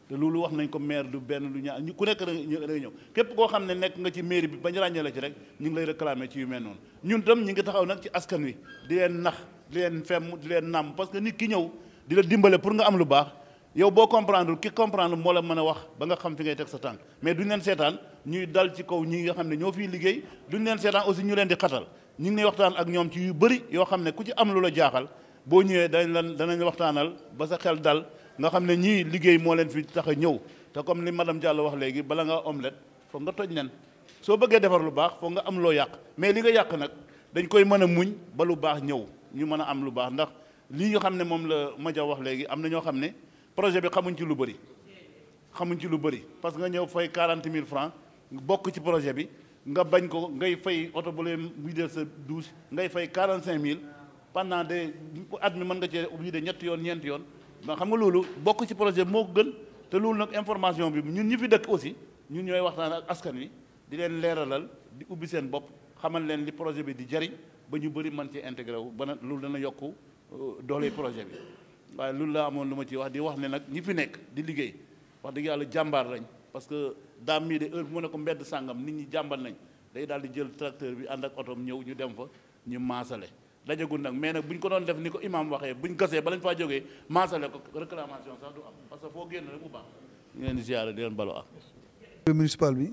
S8: te loolu wax nañ ko maire du benn du ñaar ku nekk da ñëw képp koo xam ne nekk nga ci mairie bi ba ñu ràññee ci rek ñu ngi lay réclamer ci yu mel noonu ñun tam ñu ngi taxaw nag ci askan wi di leen nax di leen femm di leen nàmm parce que nit ki ñëw di la dimbale pour nga am lu baax yow boo comprendre ki comprendre moo la mën a wax ba nga xam fi ngay teg sa tànk mais duñ leen seetaan ñuy dal ci kaw ñi nga xam ne ñoo fiy liggéey duñ leen seetaan aussi ñu leen di xatal ñu ngi waxtaan ak ñoom ci yu bëri yoo xam ne ku ci am lu jaaxal boo ñëwee danañ lan danañ waxtaanal ba sa xel dal nga xam ne ñii liggéey moo leen fi tax a ñëw te comme li madame Diallo wax léegi bala nga omelette foog nga toj nen soo bëggee defar lu baax foog nga am loo yàq mais li nga yàq nag dañ koy mën a muñ ba lu baax ñëw ñu mën a am lu baax ndax lii nga xam ne moom la Madia wax léegi am na ñoo xam ne projet bi xamuñ ci lu bëri xamuñ ci lu bëri parce que nga ñëw fay quarante mille francs bokk ci projet bi nga bañ ko ngay fay oto bu leen vidéo sa douche ngay fay 45000 pendant des at mi mën nga cee vidéo ñetti yoon ñeenti yoon ma xam nga loolu bokk ci projet bi moo gën te loolu nag information bi ñun ñi fi dëkk aussi ñun ñooy waxtaan ak askan wi di leen leeralal di ubbi seen bopp xamal leen li projet bi di jariñ ba ñu bëri mën ci intégré wu ba loolu dana yokk euh, doole projet bi waaye loolu laa amoon lu ma ci wax di wax ne nag ñi fi nekk di liggéey wax dëgg yàlla jàmbaar lañ parce que daam mii de heure bu ma ne ko mbedd sàngam nit ñi jàmbar nañ day daal di jël tracteur bi ànd ak otoom ñëw ñu dem fa ñu maasale dajagul nag mais nag bu ñu ko doon def ni ko imaam waxee bu ñu gasee ba lañ faa jógee maasale ko réclamation sax du am parce que foo génn rek mu baax ñu leen di ziare di baloo ak
S9: municipal bi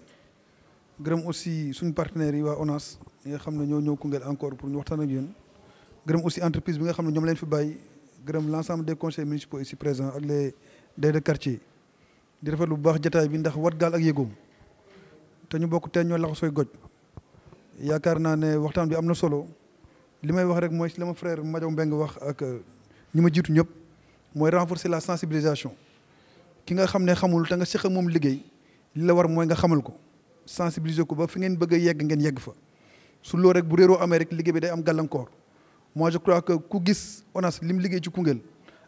S9: gërëm aussi suñu partenaires yi waa ONAS yi nga xam ne ñoo ñëw Koungheul encore pour ñu waxtaan ak yéen gërëm aussi bi nga xam ne ñoom lañ fi bàyyi gërëm l' ensemble des conseils municipaux ici présents ak les délégués de quartier di rafetlu lu baax jataay bi ndax wat gaal ak yëgoom te ñu bokk teen ñoo laxo sooy goj yaakaar naa ne waxtaan bi am na solo li may wax rek mooy si la ma frère Madiaw Mbengue wax ak euh, ñi ma jiitu ñëpp mooy renforcer la sensibilisation ki nga xam ne xamul te nga seq moom liggéey li la war mooy nga xamal ko sensibiliser ko ba fi ngeen bëgg yegg ngeen yegg fa su loo rek bu réeroo amee rek liggéey bi day am gàllankoor mois je crois que ku gis ONAS li mu liggéey ci Koungheul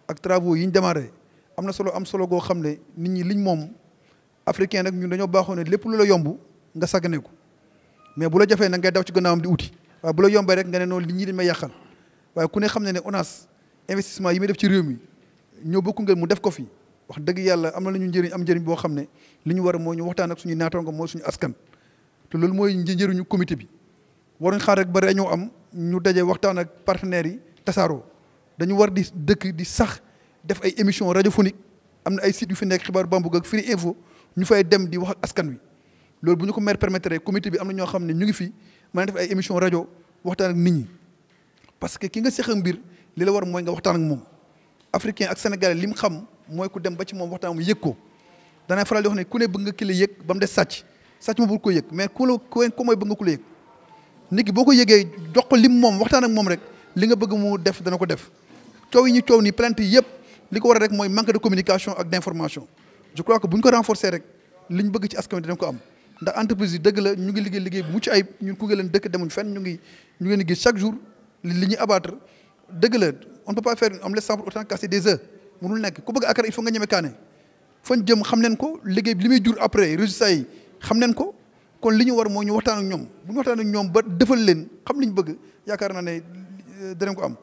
S9: ak travaux yi ñu démarré am na solo am solo goo xam ne nit ñi liñ moom africain rek ñun dañoo baaxoo ne lépp lu la yomb nga sàggane ko mais bu la jafee nag ngay daw ci gannaawam di uti waaye bu la yombee rek nga ne noonu li ñi dañ may yàqal waaye ku ne xam ne ne ONAS investissement yi muy def ci réew mi ñëw ba Koungheul mu def ko fi wax dëgg yàlla am na lu ñu njëriñ am njëriñ boo xam ne li ñu war a mooy ñu waxtaan ak suñu naataango mooy suñu askan te loolu mooy njëriñu comité bi waruñ xaar rek ba réunion am ñu daje waxtaan ak partenaires yi tasaaro dañu war di dëkk di sax def ay émission radiophonique am na ay sites yu fi nekk xibaar bambug ak Firi Info ñu fay dem di wax ak askan wi loolu bu ñu ko maire permettre comité bi am na ñoo xam ne ñu ngi fi mën a def ay émission rajo waxtaan ak nit ñi parce que ki nga seq mbir li la war mooy nga waxtaan ak moom africain ak sénégalais li mu xam mooy ku dem ba ci moom waxtaan mu yëg ko danaa faral di wax ne ku ne bëgg nga ki la ba mu des sàcc sàcc mu ko yëg mais ku la ku mooy bëgg nga ku la nit boo ko yëgee jox ko lim moom waxtaan ak moom rek li nga bëgg mu def dana ko def coow yi ñu coow ni plainte yëpp li ko war rek mooy manque de communication ak d' information je crois que bu ñu ko renforcer rek li ñu bëgg ci askan wi dina ko am ndax entreprise yi dëgg la ñu ngi liggéey liggéey bu mucc ayib ñun ku ngi leen dëkk demuñ fenn ñu ngi ñu ngi liggéey chaque jour li ñuy abattre dëgg la on ne peut pas faire une omelette sans pour des œufs mënul nekk ku bëgg akara il faut nga jëm xam leen ko liggéey bi li muy jur après résultat yi xam leen ko kon li ñu war moo ñu waxtaan ñoom bu ñu waxtaan ak ñoom ba defal leen xam li ñu bëgg yaakaar naa ne euh, danañ ko am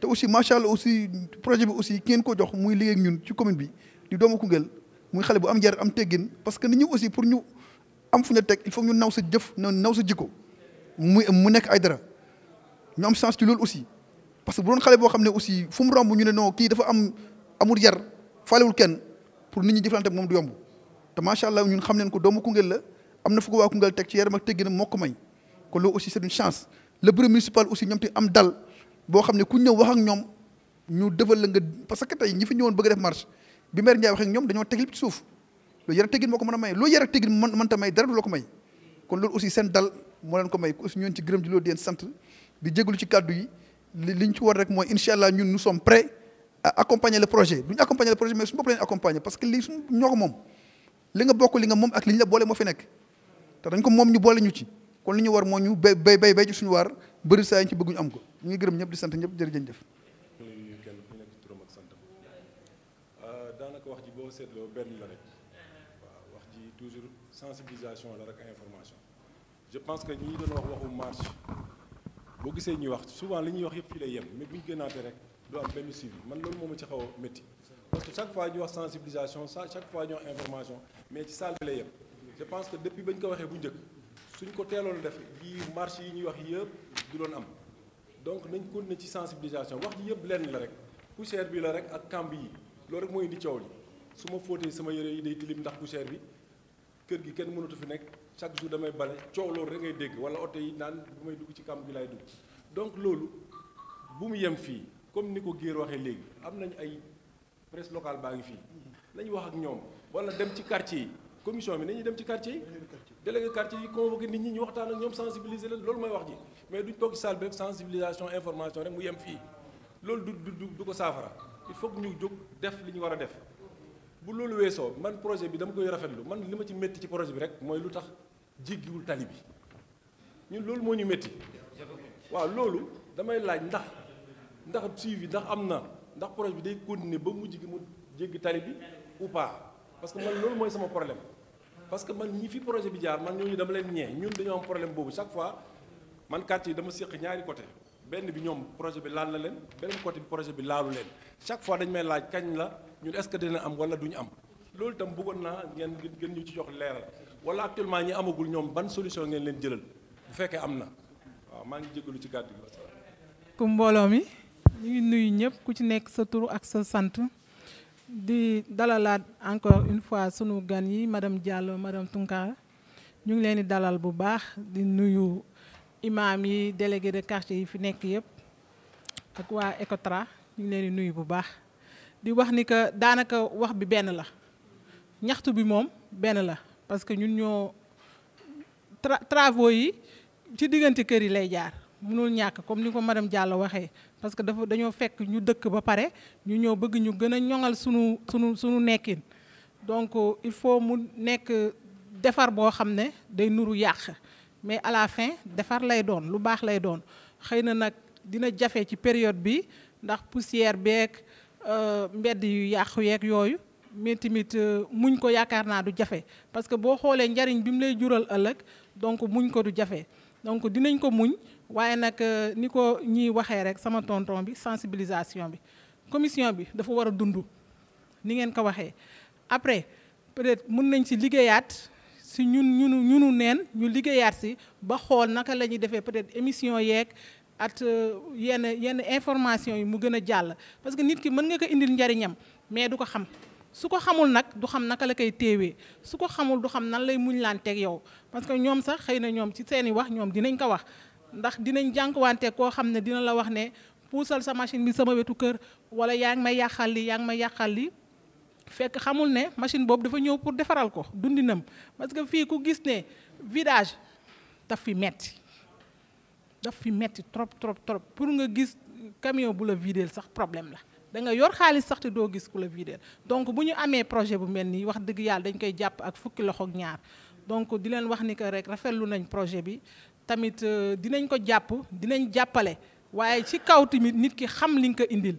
S9: te aussi macha allah aussi projet bi aussi ki ngeen ko jox muy liggéey ñun ci commune bi di doomu Koungheul muy xale bu am jar am teggin parce que nit ñi aussi pour ñu am fu ñu il faut ñu naw sa jëf na naw sa jikko muy mu nekk ay dara ñu am chance loolu aussi parce que bu doon xale boo xam ne aussi fu mu romb ñu ne noo kii dafa am amul yar faalewul kenn pour nit ñi jëflante moom du yomb te macha allah ñun xam neen ko doomu Koungheul la am na fu ko waa Koungheul teg ci yaram ak teggin moo ko may kon loolu aussi c'est une chance le bureau municipal aussi ñoom tamit am dal boo xam ne ku ñëw wax ñoom ñu defal la nga parce que tey ñi fi bëgg def marche bi maire Ndiaye waxee ak ñoom dañoo teg lépp ci suuf loolu yar teggin moo ko a may loolu yar ak teggin mën mënta may dara du la ko may kon loolu aussi seen dal moo leen ko may aussi ñoon ci gërëm di loolu leen sant di jégalu ci mooy incha allah ñun nous sommes prêts à accompagner le projet duñu accompagner le projet mais suñu bopp leen accompagner parce que lii te dañ ko moom ñu boole ñu ci kon li ñu war moo ñu bay bay bay bay ci suñu waar bëri saa yi ci bëgguñu am ko ñu ngi gërëm ñëpp di sant ñëpp jërëjëf jëf
S10: euh, daanaka wax ji boo seetloo benn la rek waaw wax ji toujours sensibilisation la rek information je pense que ñi doon wax waxu marche boo gisee ñuy wax souvent li ñuy wax yëpp fii lay yem mais bu ñu gënaatee rek du am benn suivi man loolu moo ma ci xaw a métti parce que chaque fois ñu wax sensibilisation chaque fois ñu wax information mais ci salle yem je pense que depuis ba ñu ko waxee bu njëkk suñ ko teeloon def yi marche yi ñuy wax yëpp du doon am donc nañ continuer ci sensibilisation wax ji yëpp lenn la rek poussière bi la rek ak kàmb yi loolu rek mooy indi coow li su ma fóotee sama yére yi day tilim ndax poussière bi kër gi kenn mënatu fi nekk chaque jour damay bale coow loolu rek ngay dégg wala oto yi naan bu may dugg ci kamb bi laay dugg donc loolu bu mu yem fii comme ni ko Géer waxee léegi am nañ ay presse locale baa ngi fii nañ wax ak ñoom wala dem ci quartier yi commission bi nañuy dem ci quartier yi délégué quartier yi convoqué nit ñi ñu waxtaan ak ñoom sensibiliser leen loolu mooy wax ji mais duñ toog ci salle bi rek information rek mu yem fii loolu du du du ko saafara il faut ñu jóg def li ñu war a def bu loolu weesoo man projet bi dama koy rafetlu man li ma ci métti ci projet bi rek mooy lu tax jéggiwul tali bi ñu loolu moo ñu métti waaw loolu damay laaj ndax ndax suivi ndax am na ndax projet bi day continuer ba mu jiggi mu jéggi tali bi ou pas parce que man loolu mooy sama problème parce que man ñi fi projet bi jaar man ñooñu dama leen ñee ñun dañoo am problème boobu chaque fois man quartier yi dama séq ñaari côté benn bi ñoom projet bi laal na leen beneen côté bi projet bi laalu leen chaque fois dañ may laaj kañ la ñun est-ce que dina am wala duñ am loolu tam bëggoon naa ngeen gën ñu ci jox leeral wala actuellement ñi amagul ñoom ban solution ngeen leen jëlal bu fekkee am na waaw maa ngi jégalu ci kàddu gi.
S11: ku mbooloo mi ñu ngi nuyu ñëpp ku ci nekk sa tur ak sa sant. di dalalaat encore une fois sunu gan yi madame Diallo madame Tunkara ñu ngi leen di dalal bu baax di nuyu imam yi délégué de quartier yi fi nekk yëpp ak waa Ecotra ñu ngi leen di nuyu bu baax di wax ni que daanaka wax bi benn la ñaxtu bi moom benn la parce que ñun ñoo travaux yi ci diggante kër yi lay jaar mënul ñàkk comme ni ko madame Diallo waxee parce que dafa dañoo fekk ñu dëkk ba pare ñu ñëw bëgg ñu gën a ñoŋal sunu sunu sunu nekkin donc euh, il faut mu nekk defar boo xam ne day nuru yàq mais à defar lay doon lu baax lay doon xëy na nag dina jafe ci période bi ndax poussière beeg euh, mbedd yu yàqu yeeg yooyu mais tamit euh, muñ ko yaakaar naa du jafe parce que boo xoolee njariñ bi mu lay jural ëllëg donc muñ ko du jafe donc dinañ ko muñ waaye nag euh, ni ko ñuy waxee rek sama tonton bi sensibilisation bi commission bi dafa war a dund ni ngeen ko waxee après peut-être mën nañ si liggéeyaat si ñun ñunu ñunu neen ñu liggéeyaat si ba xool naka la ñuy defee peut-être émission yeeg at euh, yenn yenn information yi mu gën a jàll parce que nit ki mën nga ko indil njariñam mais du ko xam su ko xamul nag du xam naka la koy téewee su ko xamul du xam nan lay muñ laan teg yow parce que ñoom sax xëy na ñoom ci seeni wax ñoom dinañ ko wax ndax dinañ jànq wante koo xam ne dina la wax ne puusal sa machine bi sama wetu kër wala yaa ngi may yàqal li yaa ngi may yàqal li fekk xamul ne machine boobu dafa ñëw pour defaral ko dundinam parce que fii ku gis ne vidage daf fi metti daf fi metti trop trop trop pour nga gis camion bu la videel sax problème la da nga yor xaalis sax te doo gis ku la videel donc bu ñu amee projet bu mel nii wax dëgg yàlla dañ koy jàpp ak fukki loxo ñaar donc di leen wax ni que rek rafetlu nañ projet bi tamit euh, dinañ ko jàpp dinañ jàppale waaye ci kaw tamit nit ki xam li nga ko indil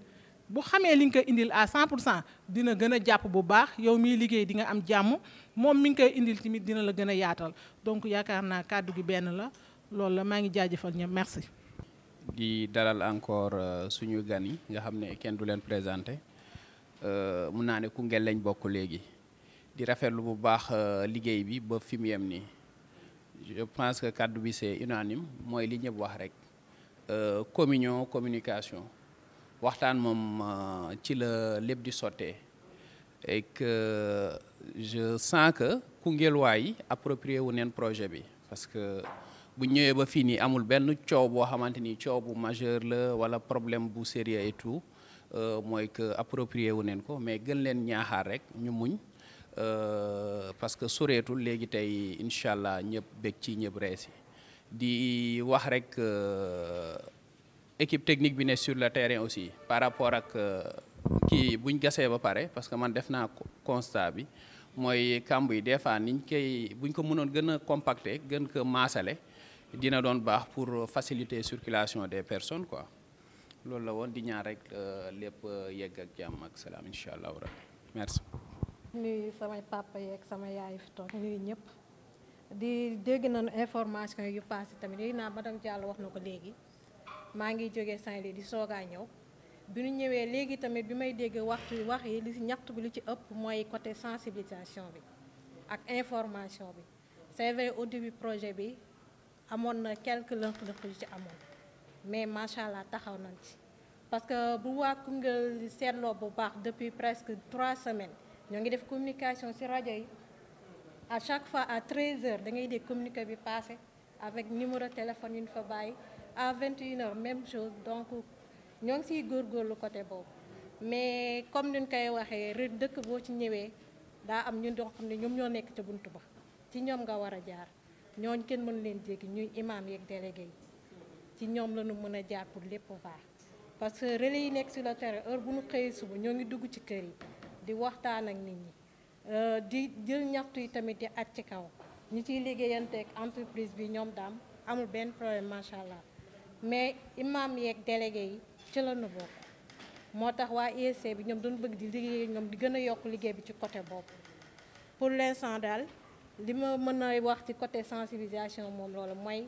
S11: bu xamee li nga ko indil à cent pour cent dina gën a jàpp bu baax yow miy liggéey di nga am jàmm moom mi nga koy indil tamit dina la gën a yaatal donc yaakaar naa kàddu gi benn la loolu la maa ngi jaajëfal ñëpp merci.
S12: di dalal encore euh, suñu gan yi nga xam ne kenn du leen présenté euh, mun naa ne Koungheul lañ bokk léegi di rafetlu bu baax liggéey bi ba fi mu yem nii. je pense que kàddu bi c'est unanime mooy li ñëpp wax rek euh, communion communication waxtaan moom euh, ci la lépp di sottee et que je sens que Koungheul waay approprié wu neen projet bi parce que bu ñëwee ba fii nii amul benn coow boo xamante ni coow bu majeur la wala problème bu sérieux et tout euh, mooy que approprié wu neen ko mais gën leen ñaaxaar rek ñu muñ Euh, parce que soreetul léegi tey incha allah ñëpp bég ci ñëpp rees yi di wax rek euh, équipe technique bi ne sur le terrain aussi par rapport ak euh, kii buñ gasee ba pare parce que man def naa constat bi mooy kàmb yi des fois niñ koy buñ ko mënoon gën a compacter gën ko maasale dina doon baax pour faciliter circulation des personnes quoi loolu la woon di ñaar rek lépp yegg ak jàmm ak salaam incha allahu rabbi merci
S13: nuyu samay papa yeeg sama yaay fi toog nuyu ñëpp di dégg nañu information yu passé tamit yéeg naa madame Diallo wax na ko léegi maa ngi jógee Saint-Louis di soogaa ñëw bi ñu ñëwee léegi tamit bi may dégg waxtu wax yi li ci ñaxtu bi lu ci ëpp mooy côté sensibilisation bi ak information bi c'est vrai au début projet bi amoon na quelques lënk-lënk yu ci amoon mais macha allah taxaw nañ ci parce que bu waa Koungheul seetloo bu baax depuis presque trois semaines ñoo ngi def communication ci rajo yi à chaque fois à 13h da ngay dégg communiqué bi passé avec numéro téléphone yu nu fa bàyyi à 21h même chose donc ñoo ngi siy góor góorgóorlu côté boobu mais comme ni ñu koy waxee rek dëkk boo ci ñëwee daa am ñu doo xam ne ñoom ñoo nekk ca bunt ba ci ñoom nga war a jaar ñooñ kenn mën leen jéggi ñuy imam yeeg délégué yi ci ñoom la ñu mën a jaar pour lépp baax parce que relais yi nekk sur le terrain heure bu ñu xëyee suba ñoo ngi dugg ci kër yi. di waxtaan ak nit ñi euh, di jël ñaxtu yi tamit di at ci kaw ñi ciy liggéeyanteeg entreprise bi ñoom daam amul benn problème macha allah mais imam yeeg délégué yi ci la nu bokk moo tax waa ISC bi ñoom doon bëgg di liggéey ñoom di gën a yokk liggéey bi ci côté boobu pour l'instant daal li ma mën a wax ci côté sensibilisation moom loolu mooy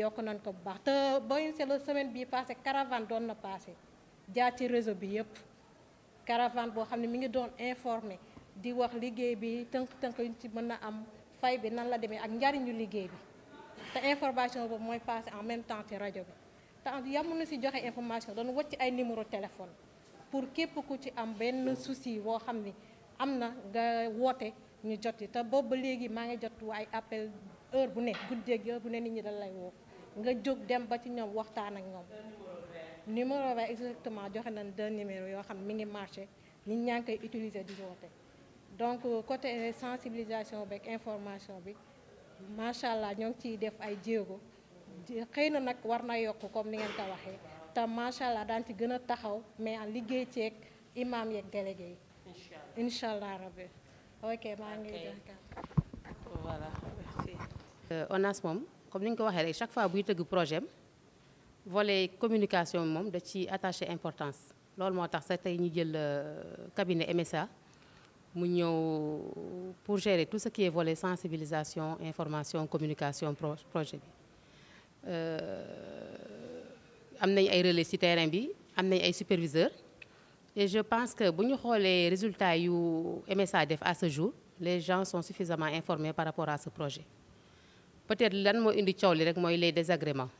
S13: yokk nañ ko bu baax te boo ñu seetloo semaine bii passé caravane doon na passé jaar ci réseau bi yëpp caravane boo xam ne mu ngi doon informé di wax liggéey bi tënk-tënk yuñ ci mën a am fay bi nan la demee ak njariñu liggéey bi te information boobu mooy passé en même temps ci rajo bi te yamu na si joxe information doon wacc ay numéro téléphone pour képp ku ci am benn souci boo xam ni am na nga woote ñu jot yi te boobu ba léegi maa ngi jot ay appel heure bu ne guddeeg heure bu ne nit ñi dañ lay woo nga jóg dem ba ci ñoom waxtaan ak ñoom numéro ba exactement joxe nañ deux numéro yoo xam mi ngi marché ni ñaa ngi koy utiliser di woote donc côté sensibilisation beeg information bi macha allah ñoo ngi ciy def ay jéego xëy na nag war na yokk comme ni ngeen ko waxee te macha allah daan ci gën a taxaw mais en liggéey ceeg imaam yeeg délégué yi. incha allah incha allah rabbi ok maa ngi voilà merci. Euh,
S1: ONAS moom comme ni ko waxee rek chaque fois buy tëgg projet volet communication moom da ci attaché importance loolu moo tax sax tey ñu jël euh, cabinet MSA mu ñëw pour gérer tout ce qui est volet sensibilisation information communication projet bi euh, am nañ ay relais ci terrain bi am nañ ay superviseurs et je pense que bu ñu xoolee résultats yu MSA def à ce jour les gens sont suffisamment informés par rapport à ce projet peut-être lan moo indi coow li rek mooy les désagréments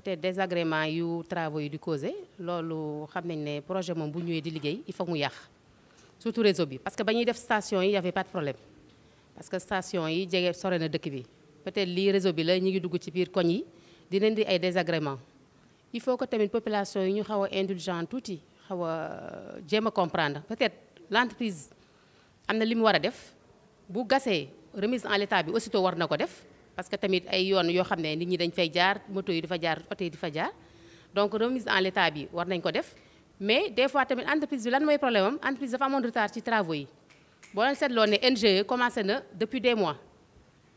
S1: peut-être désagrément yu travaux yi di causé loolu xam nañ ne projet moom bu ñëwee di liggéey il faut mu yàq surtout réseau bi parce que ba ñuy def station yi y avait pas problème parce que station yi jege sore na dëkk bi peut-être lii réseau bi la ñu ngi dugg ci biir koñ yi dinañ di ay désagrément il faut que tamit population yi ñu xaw a indulgent tuuti xaw a euh, jéem a comprendre peut-être l'entreprise am na li mu war a def bu gasee remise en l'état bi aussi to war na ko def parce que tamit ay yoon yoo xam ne nit ñi dañ fay jaar moto yi di jaar oto yi di fa jaar donc remise en l'état bi war nañ ko def mais des fois tamit entreprise bi lan mooy problème am entreprise dafa amoon retard ci travaux yi boo leen seetloo e commencé na depuis des mois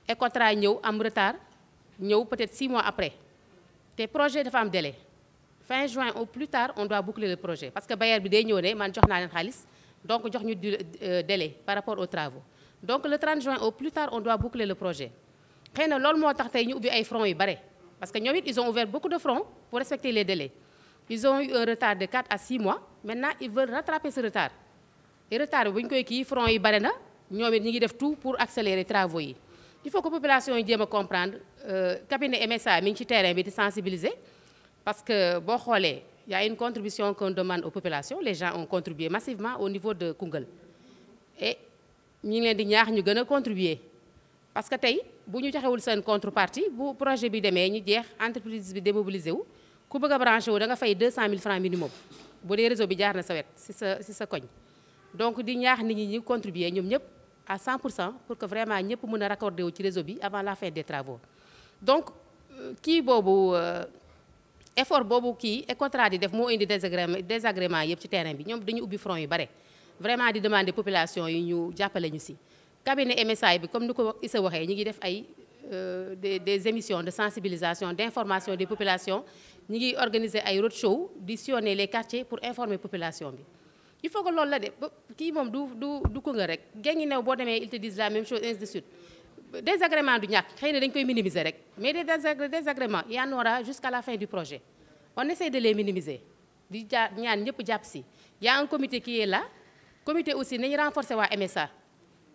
S1: et ñëw am retard ñëw peut-être six mois après te projet dafa am délai fin juin au plus tard on doit boucler le projet parce que bailleur bi day ñëw ne man jox naa leen xaalis donc jox ñu euh, délai par rapport aux travaux donc le 30 juin au plus tard on doit boucler projet xëy na loolu moo tax tey ñu ubbi ay front yu bare parce que ñoom it ils ont ouvert beaucoup de fronts pour respecter les délais ils ont eu un retard de 4 à 6 mois maintenant ils veulent rattraper ce retard et retard bi ñu koy kii front yi bare na ñoom it ñu ngi def tout pour accélérer travaux yi il faut que population yi jéem a comprendre euh, cabinet MSA mi ngi ci terrain bi di sensibiliser parce que boo xoolee y a une contribution qu'on demande aux populations les gens au niveau de Koungheul et di ñaax ñu gën a contribuer parce que bu ñu joxewul seen contrepartie bu projet bi demee ñu jeex entreprise bi démobilisé wu ku bëgg a branché wu da nga fay 200000 francs minimum bu dee réseau bi jaar na sa wet si sa si sa koñ donc di ñaax nit ñi ñu contribuer ñoom ñëpp à 100 pour cent pour que vraiment ñëpp mën a raccordé wu ci réseau bi avant la fin de travaux donc euh, kii boobu euh, effort boobu kii ECOTRA di def moo indi désagrément désagrément yëpp ci terrain bi ñoom dañu ubbi front yu bare vraiment di population yi ñu jàppale ñu si cabinet MSI bi comme ni ko Issa waxee ñi ngi def ay euh, des des émissions de sensibilisation d'information des population ñi ngi organiser ay roadshow di sillonner les quartiers pour informer population bi il faut que loolu la de kii moom du du du ko nga rek géngi new boo demee ils te disent la de suite désagrément du ñàkk na dañ koy minimiser rek mais des désagréments il y en aura jusqu'à la fin du projet on di jaar ñaan ñëpp jàpp si y a comité kii est là comité aussi nañu renforcer waa MSA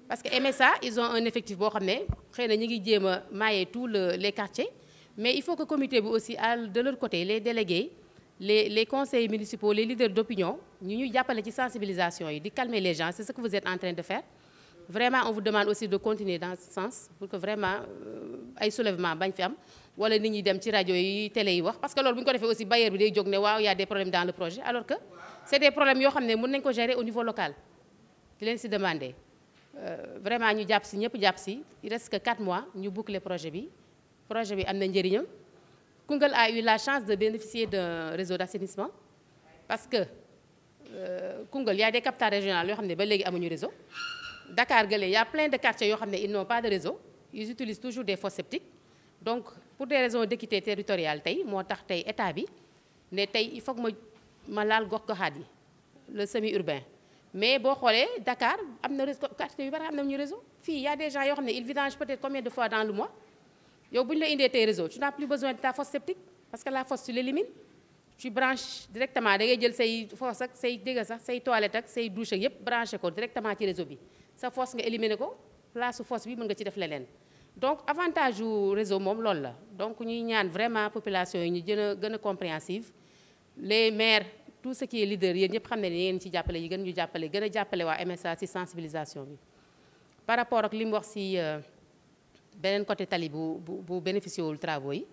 S1: parce que MSA ils ont un effectif boo xam ne xëy na ñu ngi jéem a mailler tous les mais il faut que comité bi aussi à de leur côté les délégués les le conseils municipaux les leaders d'opinion ñu ñuy jàppale ci sensibilisation yi di calmer les gens c'est ce que vous êtes en train de faire vraiment on vous demande aussi de continuer dans ce sens pour que vraiment euh, ay soulèvement bañ fi am wala nit ñi dem ci rajo yi télé yi wax parce que loolu bu ñu ko defee aussi bailleur bi day ne waaw a des problèmes dans le projet alors que Euh, vraiment ñu jàpp si ñëpp jàpp si il reste mois ñu boucler projet bi projet bi am na njëriñam Koungheul a eu la chance de bénéficier d'un réseau d'assainissement parce que euh, Koungheul y a des capitales yoo xam ne ba léegi amuñu réseau dakaar gële y a plein de quartiers yoo xam ne ils n'ont pas de réseau ils utilisent toujours des fosses septiques donc pour des raisons d'équité territorial tey moo tax tey état bi ne tey il foog ma ma laal gox goxaat yi le semi urbain mais boo xoolee dakaar am na réseau quartier yu bari am nañu réseau fii y a des gens yoo xam ne ils vidangent peut-être combien de fois dans le mois yow bu ñu la indee tey réseau tu n'as plus besoin de ta fosse septique parce la fosse tu l'élimines tu branches directement da ngay jël say fosse ak say dégg sax say toilette ak say douche ak yépp branché ko directement ci réseau bi sa fosse nga éliminer ko place su fosse bi mën nga ci def leneen donc avantage yu réseau moom loolu la donc ñuy ñaan vraiment population yi ñu gën gën a les maires tout ce qui est leader yéen ñëpp xam ne ni yéen ci jàppale yi gën ñu jàppale gën a jàppale waa MSA ci sensibilisation bi par rapport ak li mu wax ci euh, beneen côté tali bu bu bu bénéficié wul travaux yi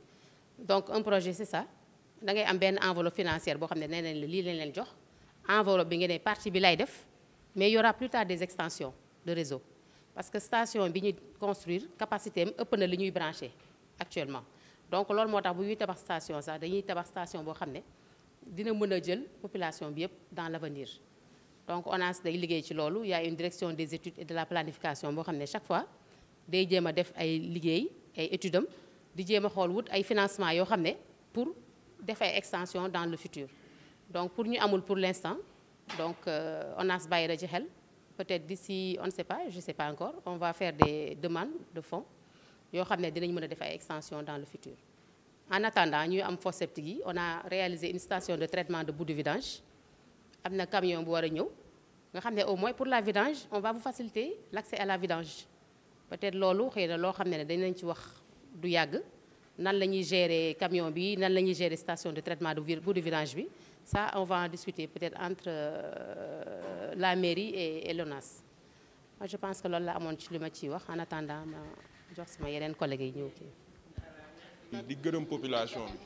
S1: donc un projet c'est ça da ngay am benn enveloppe financière boo xam ne nee nañ la lii lañ leen jox enveloppe bi ngeen ne partie bi lay def mais il y plus tard des extensions de réseau parce que station bi ñu construire capacité am ëpp na li ñuy branché actuellement donc loolu moo tax bu ñuy sax dañuy tabax station boo xam ne dina mën a jël population bi yëpp dans l' avenir donc ONAS day liggéey ci loolu yaay une direction des études et de la planification boo xam ne chaque fois day jéem a def ay liggéey ay études di jéem a xool wut ay financement yoo xam ne pour def ay extension dans le futur donc pour ñu amul pour l' instant donc euh, ONAS bàyyi la ci xel peut-être di si on ne sait pas je sais pas encore on va faire des demandes de fonds yoo xam ne dinañ mën a def ay extension le futur en attendant ñuy am fosse septique yi on a réalisé une station de traitement de boue de vidange am na camion bu war a ñëw nga xam ne au moins pour la vidange on va vous faciliter l' accès à la vidange peut-être loolu xëy na loo xam ne nañ ci wax du yàgg nan la ñuy gérer camion bi nan la ñuy gérer station de traitement de boue de vidange bi ça on va en discuter peut-être entre euh, la mairie et et l'ONAS je pense que loolu la amoon ci li ma ciy wax en attendant ma jox sama yeneen collègues yi ñëw
S14: di gërëm population bi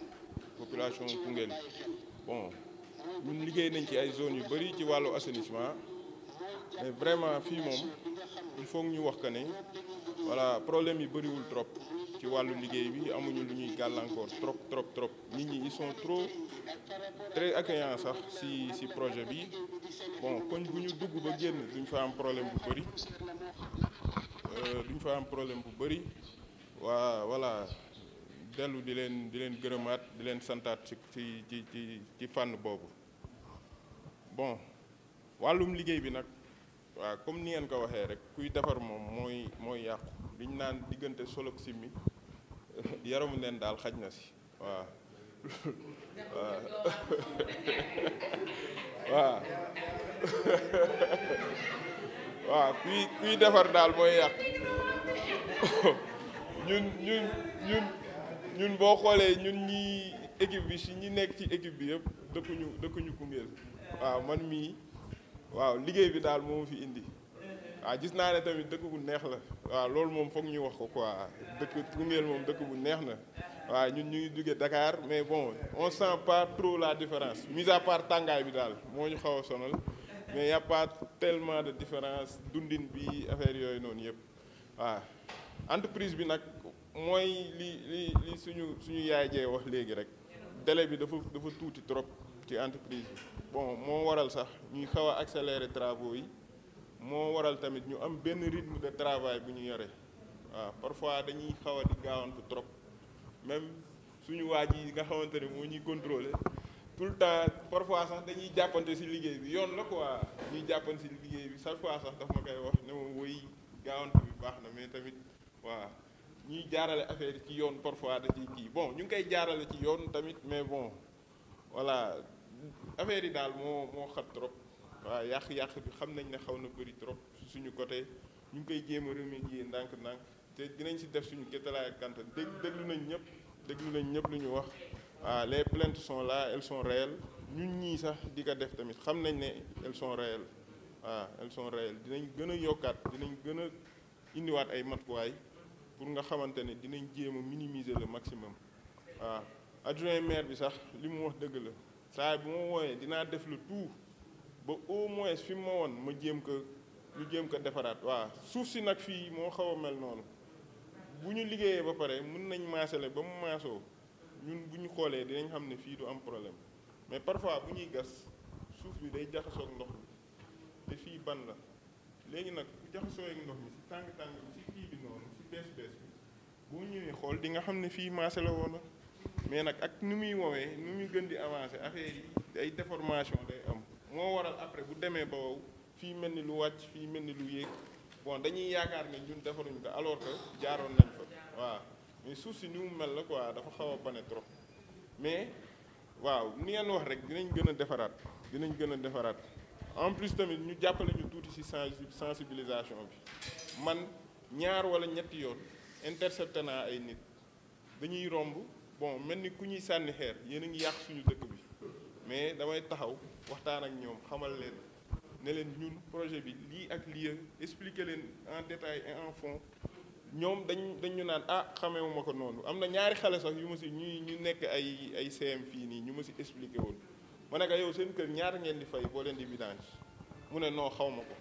S14: population Koungheul bon ñun liggéey nañ ci ay zones yu bëri ci wàllu assainissement mais vraiment fii moom il faut ñu wax que ne voilà problème yi bëriwul trop ci wàllu liggéey bi amuñu lu ñuy gàllankoor trop trop trop nit ñi ils sont trop très accueillants sax si si projet bi bon koñ bu ñu dugg ba génn duñ fa am problème bu bëri euh, duñ fa am problème bu bëri waa voilà dellu di leen di leen gërëmaat di leen santaat ci ci ci ci fànn boobu bon wàllum liggéey bi nag waa comme ni ngeen ko waxee rek kuy defar moom mooy mooy yàqu liñ naan diggante solo ak simmi yaramu leen daal xaj na si waaw waaw waaw kuy kuy defar daal mooy yàqu ñun ñun ñun ñun boo xoolee ñun ñi équipe bi si ñi nekk ci équipe bi yëpp dëkkuñu dëkkuñu Koungheul waaw man mii waaw liggéey bi daal moo fi indi waaw gis naa ne tamit dëkk bu neex la waaw loolu moom foog ñu wax ko quoi dëkk Koungheul moom dëkk bu neex na waaw ñun ñu ngi jóge Dakar mais bon on sent pas trop la différence mis à part tàngaay bi daal moo ñu xaw a sonal mais y a tellement de différence dundin bi affaire yooyu noonu yëpp waaw entreprise bi nag. mooy li li li suñu suñu yaay jee wax léegi rek délai bi dafa dafa tuuti trop ci entreprise bi bon moo waral sax ñuy xaw a accélérer travaux yi moo waral tamit ñu am benn rythme de travail bu ñu yore waaw parfois dañuy xaw a di gaawantu trop même suñu waaj yi nga xawante ne moo ñuy contrôler tout le temps parfois sax dañuy jàppante si liggéey bi yoon la quoi ñuy jàppante si liggéey bi chaque fois sax daf ma koy wax ne ma woy gaawantu bi baax na mais tamit waaw ñuy jaarale affaire ci yoon parfois de ciy kii bon ñu ngi koy jaarale ci yoon tamit mais bon voilà affaire daal moo moo xat trop waa yàq-yàq bi xam nañ ne xaw na bëri trop suñu côté ñu ngi koy jéem a remédier ndànk-ndànk te dinañ si def suñu kétalaay ak kanta dég déglu nañ ñëpp déglu nañ ñëpp lu ñu wax waaw les plaintes son la elles sont réelles ñun ñii sax di def tamit xam nañ ne elles sont réelles waaw elles dinañ gën a yokkaat dinañ gën a indiwaat ay matuwaay pour nga xamante ne dinañ jéem a minimiser le maximum waaw ah, adjoint maire bi sax li mu wax dëgg la saa bu mu wooyee dinaa def le tout ba au moins fi mu ma woon ma jéem ko lu jéem ko defaraat waa suuf si nag fii moo xaw a mel noonu bu ñu liggéeyee ba pare mun nañ maasale ba mu maasoo ñun bu ñu xoolee dinañ xam ne fii du am problème mais parfois bu ñuy gas suuf bi day jaxasoog ndox mi te fii ban la léegi nag bu jaxasoo ak ndox mi si tàng-tàng bi si kees bees bi boo ñëwee xool di nga xam ne fii marché la woon mais nag ak ni muy woowee ni muy gën di avancer affaire yi ay déformation day am moo waral après bu demee ba wow fii mel ni lu wàcc fii mel ni lu yéeg bon dañuy yaakaar ne ñun defaruñ ko alors que jaaroon nañ fa waa mais suuf si ni mu mel la waa dafa xaw a bane trop mais waaw ni ngeen wax rek dinañ gën a defaraat dinañ gën a defaraat en plus tamit ñu jàppale ñu tuuti ci sensibilisation bi ñaar wala ñetti yoon intercepté naa ay nit dañuy romb bon mel ni ku ñuy sànni xeer yéen a ngi yàq suñu dëkk bi mais damay taxaw waxtaan ak ñoom xamal leen ne leen ñun projet bi lii ak lii expliquer leen en détail en fond ñoom dañ dañu naan ah xamewu ko noonu am na ñaari xale sax yu ma si ñuy ñu nekk ay ay CM fii nii ñu ma si expliqué woon ma ne ko yow seen kër ñaata ngeen di fay boo leen di vidange mu ne noo xaw ma ko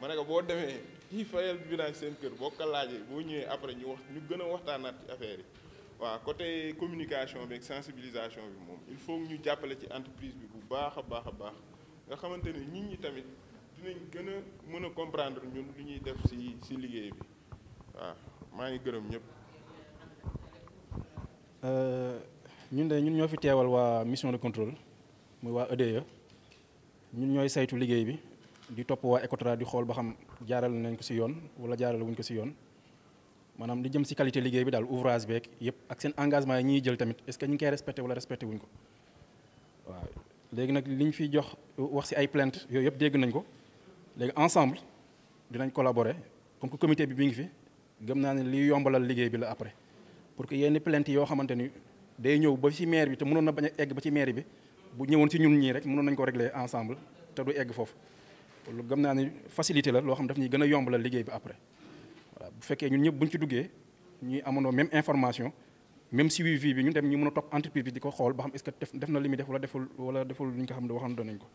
S14: ma ne ko boo demee kii fayal virage seen kër boo ko laajee boo ñëwee après ñu wax ñu gën a waxtaanaat ci affaire yi waaw côté communication bi ak sensibilisation bi moom il faut ñu jàppale ci entreprise bi bu baax a baax a baax nga xamante ni nit ñi tamit dinañ gën a mën a comprendre ñun lu ñuy def si si liggéey bi waaw maa ngi gërëm ñëpp.
S15: Euh, ñun de ñun ñoo fi teewal waa mission de contrôle muy waa EDE e. ñun ñooy saytu liggéey bi di topp waa ECOTRA di xool ba xam. jaaral nañ ko si yoon wala jaaral wuñ ko si yoon maanaam li jëm si qualité liggéey bi daal ouvrage beeg yëpp ak seen engagement yi ñuy jël tamit est-ce que ñu ngi koy respecté wala wuñ ko waaw léegi nag liñ fiy jox wax si ay plainte yooyu yëpp dégg nañ ko léegi ensemble dinañ collaborer comme que comité bi bi ngi fi gëm naa ne liy yombalal liggéey bi la après pour que yenn plainte yoo xamante ni day ñëw ba ci maire bi te mënoon na bañ a egg ba ci maire bi bu ñëwoon si ñun ñii rek mënoon nañ ko régler ensemble te du egg foofu lu gëm naa ni facilité la loo xam daf ñuy gën a yombalal liggéey bi après voilà bu fekkee ñun ñëpp buñ ci duggee ñuy amandoo même information même suivi bi ñu dem ñu mun a topp entreprise bi di ko xool ba xam est-ce que def na li muy def wala deful wala deful li ñu ko xam ne waxoon nañ ko.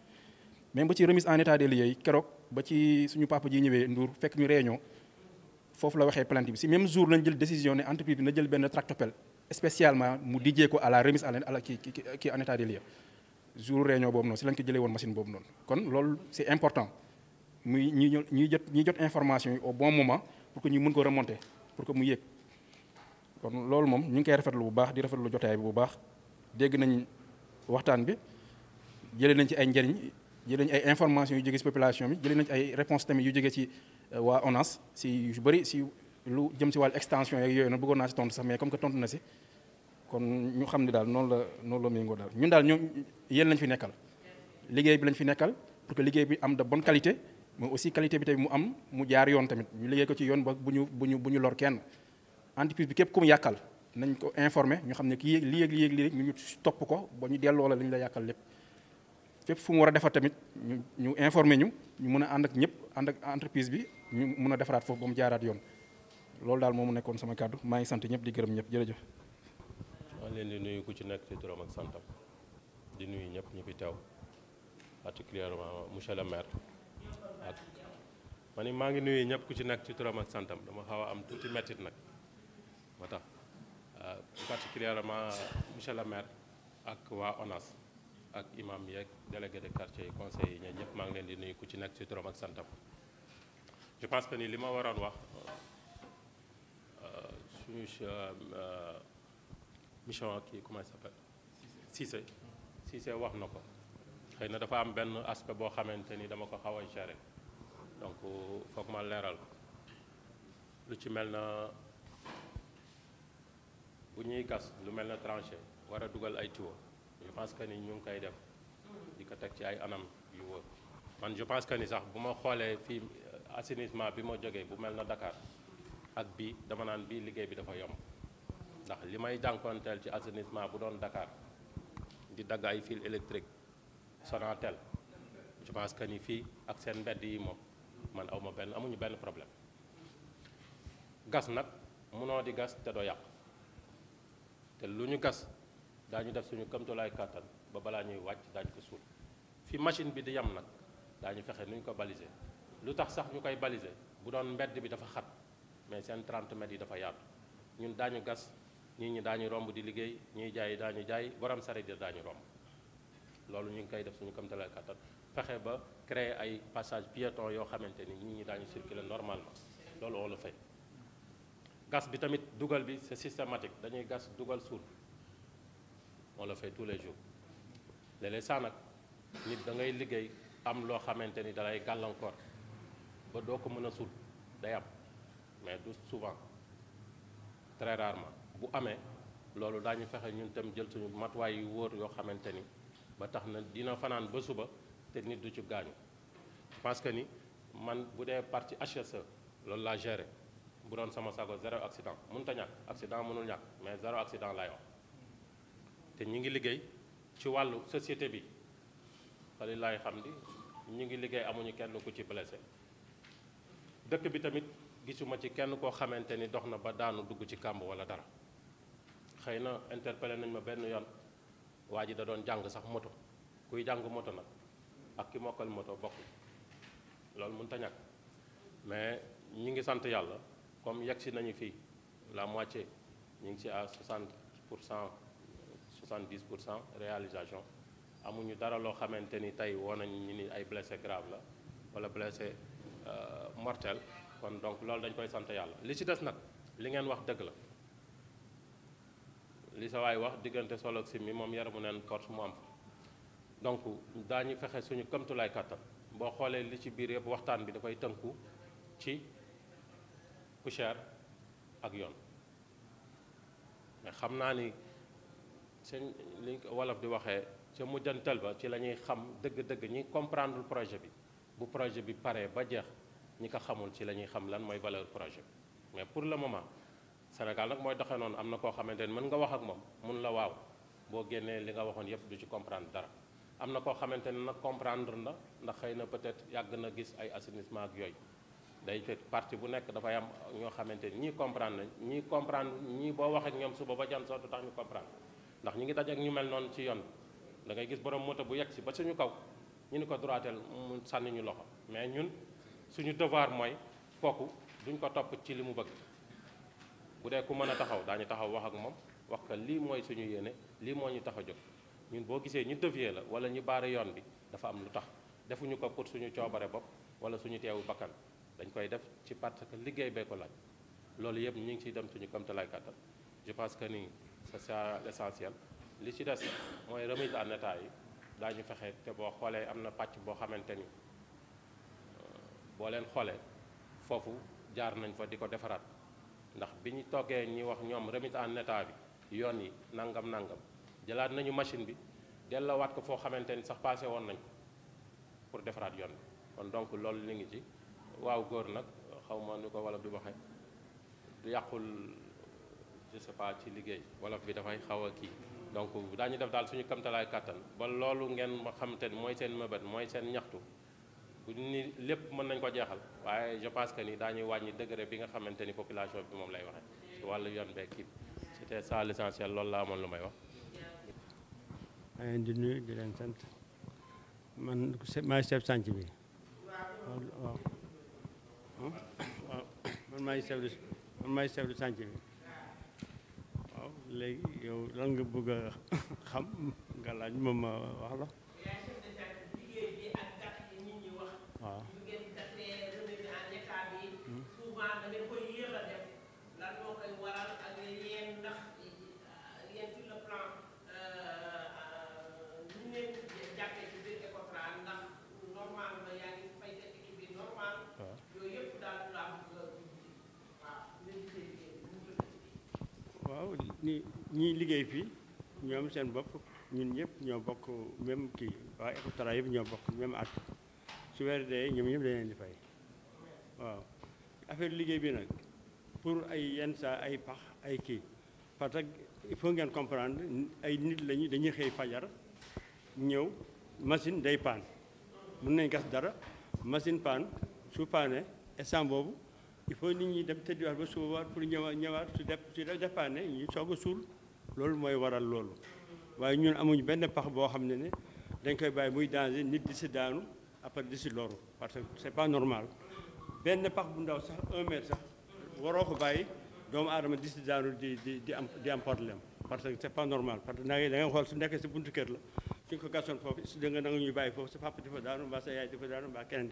S15: même ba ci remise en état des lieux yi keroog ba ci suñu papa ji ñëwee Ndour fekk ñu réunion foofu la waxee plainte bi si même jour lañ jël décision ne entreprise bi na jël benn tractopelle spécialement la remise à la kii kii en état des lieux jour réunion kon loolu c'est muy ñu ñuy jot ñuy jot information yi au bon moment pour que ñu mën ko remonter pour que mu yéeg kon loolu moom ñu ngi koy rafetlu bu baax di rafetlu jotaay bi bu baax dégg nañ waxtaan bi jëlee nañ ci ay njëriñ jëlee nañ ay information yu jege ci population bi jëlee nañ ci ay réponses tamit yu jóge ci euh, waa ONAS si yu bëri si lu jëm si wàll extension yeeg yooyu nag bëggoon naa si tontu sax mais comme que tontu na si kon ñu xam ne daal noonu la noon la méngoo daal ñun daal ñoom yéen lañ fi nekkal liggéey bi lañ fi nekkal pour que liggéey bi am de bonne qualité. mais aussi qualité bi mu am mu jaar yoon tamit ñu liggéey ko ci yoon ba bu ñu bu ñu bu ñu lor kenn entreprise bi képp ku mu yàkkal nañ ko informer ñu xam ne kii yéeg lii ak lii ak lii ñu topp ko ba ñu delloo la li lépp fépp fu mu war a defar tamit ñu ñu informer ñu ñu mën a ànd ak ñëpp ànd ak entreprise bi ñu mën a defaraat foofu ba mu jaaraat yoon loolu daal moom mu nekkoon sama kàddu maa ngi sant ñëpp di gërëm ñëpp jërëjëf.
S16: maa ngi leen di ku ci nekk ci turam ak santam di nuyu ñëpp ñu fi teew particulièrement monsieur le maire. at ma ni maa ngi nuyu ñëpp ku ci nekk ci turam ak santam dama xaw a am tuuti mettit nag moo tax euh, particulièrement monsieur le ak waa ONAS ak imam yeeg délégué de quartier yi conseil yi ñoom ñëpp maa ngi leen di nuyu ku ci nekk ci turam ak santam je pense que nii li ma waroon wax euh, suñu euh, mission kii comment il s'appelle Cissé Cissé wax na ko xëy na dafa am benn aspect boo xamante ni dama ko xaw a donc foog ma leeral lu ci mel na bu ñuy gas lu mel na tranché war a dugal ay tuyaux je pense que ni ñu ngi koy def di ko teg ci ay anam yu wóor man je pense que ni sax bu ma xoolee fii euh, assainissement bi ma jógee bu mel na dakaar ak bii dama naan bii liggéey bi dafa yomb ndax li may jànkoonteel ci assainissement bu doon dakaar di dagg ay fil électrique Sonatel je pense que ni fii ak seen mbedd yi moom man awma benn amuñu benn problème gas nag mënoo di gas te doo yàq te lu ñu gas daañu def suñu këmtulaay kàttan ba balaa ñuy wàcc daañu ko suul fi machine bi di yam nag daañu fexe nu ñu ko baliser lu tax sax ñu koy baliser bu doon mbedd bi dafa xat mais seen 30 mètres yi dafa yaatu ñun daañu gas ñii ñi daañu romb di liggéey ñuy jaay daañu jaay borom saret yi daañu romb loolu ñu ngi koy def suñu kamtalaay kàttan fexe ba créer ay passage piéton yoo xamante ni nit ñi daañu circuler normalement loolu on le fait gas bi tamit dugal bi c'est systématique dañuy gas dugal suul on le fait tous les jours léeg-léeg sax nag nit da ngay liggéey am loo xamante ni dalay gàllankoor ba doo ko mën a suul day am mais du souvent très rarement bu amee loolu daañu fexe ñun tam jël suñu matuwaay yu wóor yoo xamante ni ba tax na dina fanaan ba suba te nit du ci gaañu parce que ni man bu dee parti HSE loolu laa géré bu doon sama sago zéro accident mënut a ñàkk accident mënul ñàkk mais zéro accident laay wax te ñi ngi liggéey ci wàllu société bi xali xam di ñu ngi liggéey amuñu kenn ku ci blessé dëkk bi tamit gisuma ci kenn koo xamante ni dox na ba daanu dugg ci kàmb walla dara xëy na interpellé nañ ma benn yoon waa ji da doon jàng sax moto kuy jàng moto nag ak ki mokkal moto bokk loolu mun a ñàkk mais ñu ngi sant yàlla comme yegg si nañu fii la moitié ñu ngi si à 60 pour cent 70 pour cent réalisation amuñu dara loo xamante ni tey woon nañu ñu ni ay blessé grave la wala blessé euh, mortel kon donc loolu dañ koy sant yàlla li si des nag li ngeen wax dëgg la. li sa waay wax diggante sol ak simmi moom yaramu neen force mu am fa donc daañu fexe suñu këmtulaay kàttan boo xoolee li ci biir yëpp waxtaan bi dafay tënku ci poussière ak yoon xam naa ni seen li wolof di waxee ca mujjantal ba ci la ñuy xam dëgg-dëgg ñi comprendre projet bi bu projet bi paree ba jeex ñi ko xamul ci la ñuy xam lan mooy valeur projet bi mais pour le moment Sénégal nag mooy doxee noonu am na koo xamante ni mën nga wax ak moom mun la waaw boo génnee li nga waxoon yépp du ci comprendre dara am na koo xamante ni nag comprendre na ndax xëy na peut-être yàgg na gis ay assainissement ak yooyu day fekk parti bu nekk dafay am ñoo xamante ni ñii comprendre na ñii ñii boo waxee ak ñoom suba ba jan soo du tax ñu comprendre ndax ñu ngi daj ak ñu mel noonu ci yoon dangay gis borom moto bu yegg si ba suñu kaw ñu ni ko droitel mu sànni ñu loxo mais ñun suñu devoir mooy kooku duñ ko topp ci li mu bëgg bu dee ku mën a taxaw daañu taxaw wax ak moom wax ko lii mooy suñu yéene lii moo ñu tax a jóg ñun boo gisee ñu dévier la wala ñu baare yoon bi dafa am lu tax defuñu ko pour suñu coobare bopp wala suñu teewu bakkan dañ koy def ci parce que liggéey bee ko laaj loolu yëpp ñu ngi ciy dem suñu kamtalaay kàttan je pense que nii c'est ça li ci des mooy remise en état yi daañu fexe te boo xoolee am na pàcc boo xamante ni boo leen xoolee foofu jaar nañ fa di ko defaraat ndax bi ñu toggee ñuy wax ñoom remise en état bi yoon yi nangam nangam jëlaat nañu machine bi delloowaat ko foo xamante ni sax paase woon nañ pour defaraat yoon bi kon donc loolu li ngi ci waaw góor nag xaw ma nu ko wolof di waxee yàqul je sais pas ci liggéey wolof bi dafay xaw a kii donc ñu def daal suñu kamtalaay kàttan ba loolu ngeen xamante ni mooy seen mëbët mooy seen ñaxtu bu ni lépp mën nañ ko jeexal waaye je pense que ni daañuy wàññi degré bi nga xamante ni population bi moom lay waxee ci wàllu yoon beeg kii c'était ça l'essentiel loolu la amoon lu may wax.
S17: maa leen di nuyu man maay chef bi man maay chef du man maay chef du bi waaw léegi yow lan nga bëgg xam nga laaj moom ma wax la. ni ñi liggéey fii ñoom seen bopp ñun ñëpp ñoo bokk même kii waa ECOTRA yëpp ñoo bokk même at su weer dee ñoom ñëpp dañ leen di fay waaw affaire liggéey bi nag pour ay yenn saa ay pax ay kii parce que il faut ngeen comprendre ay nit lañu dañuy xëy fajar ñëw machine day paan mën nañ gas dara machine paan su paane instant boobu foo nit ñi dem tëddiwaat ba suba waat pour ñëwaat ñëwaat su def su depaane ñu soo a suul loolu mooy waral loolu waaye ñun amuñ benn pax boo xam ne ne dañ koy bàyyi muy danger nit di si daanu après di si loru parce que c'est pas normal benn pax bu ndaw sax un mètre sax waroo ko bàyyi doomu aadama di si daanu di di di am di am problème parce que c'est pas normal parce que da ngay da nga xool su da nga nangu ñuy bàyyi foofu sa papa di fa daanu mbaa sa yaay di fa daanu mbaa keneen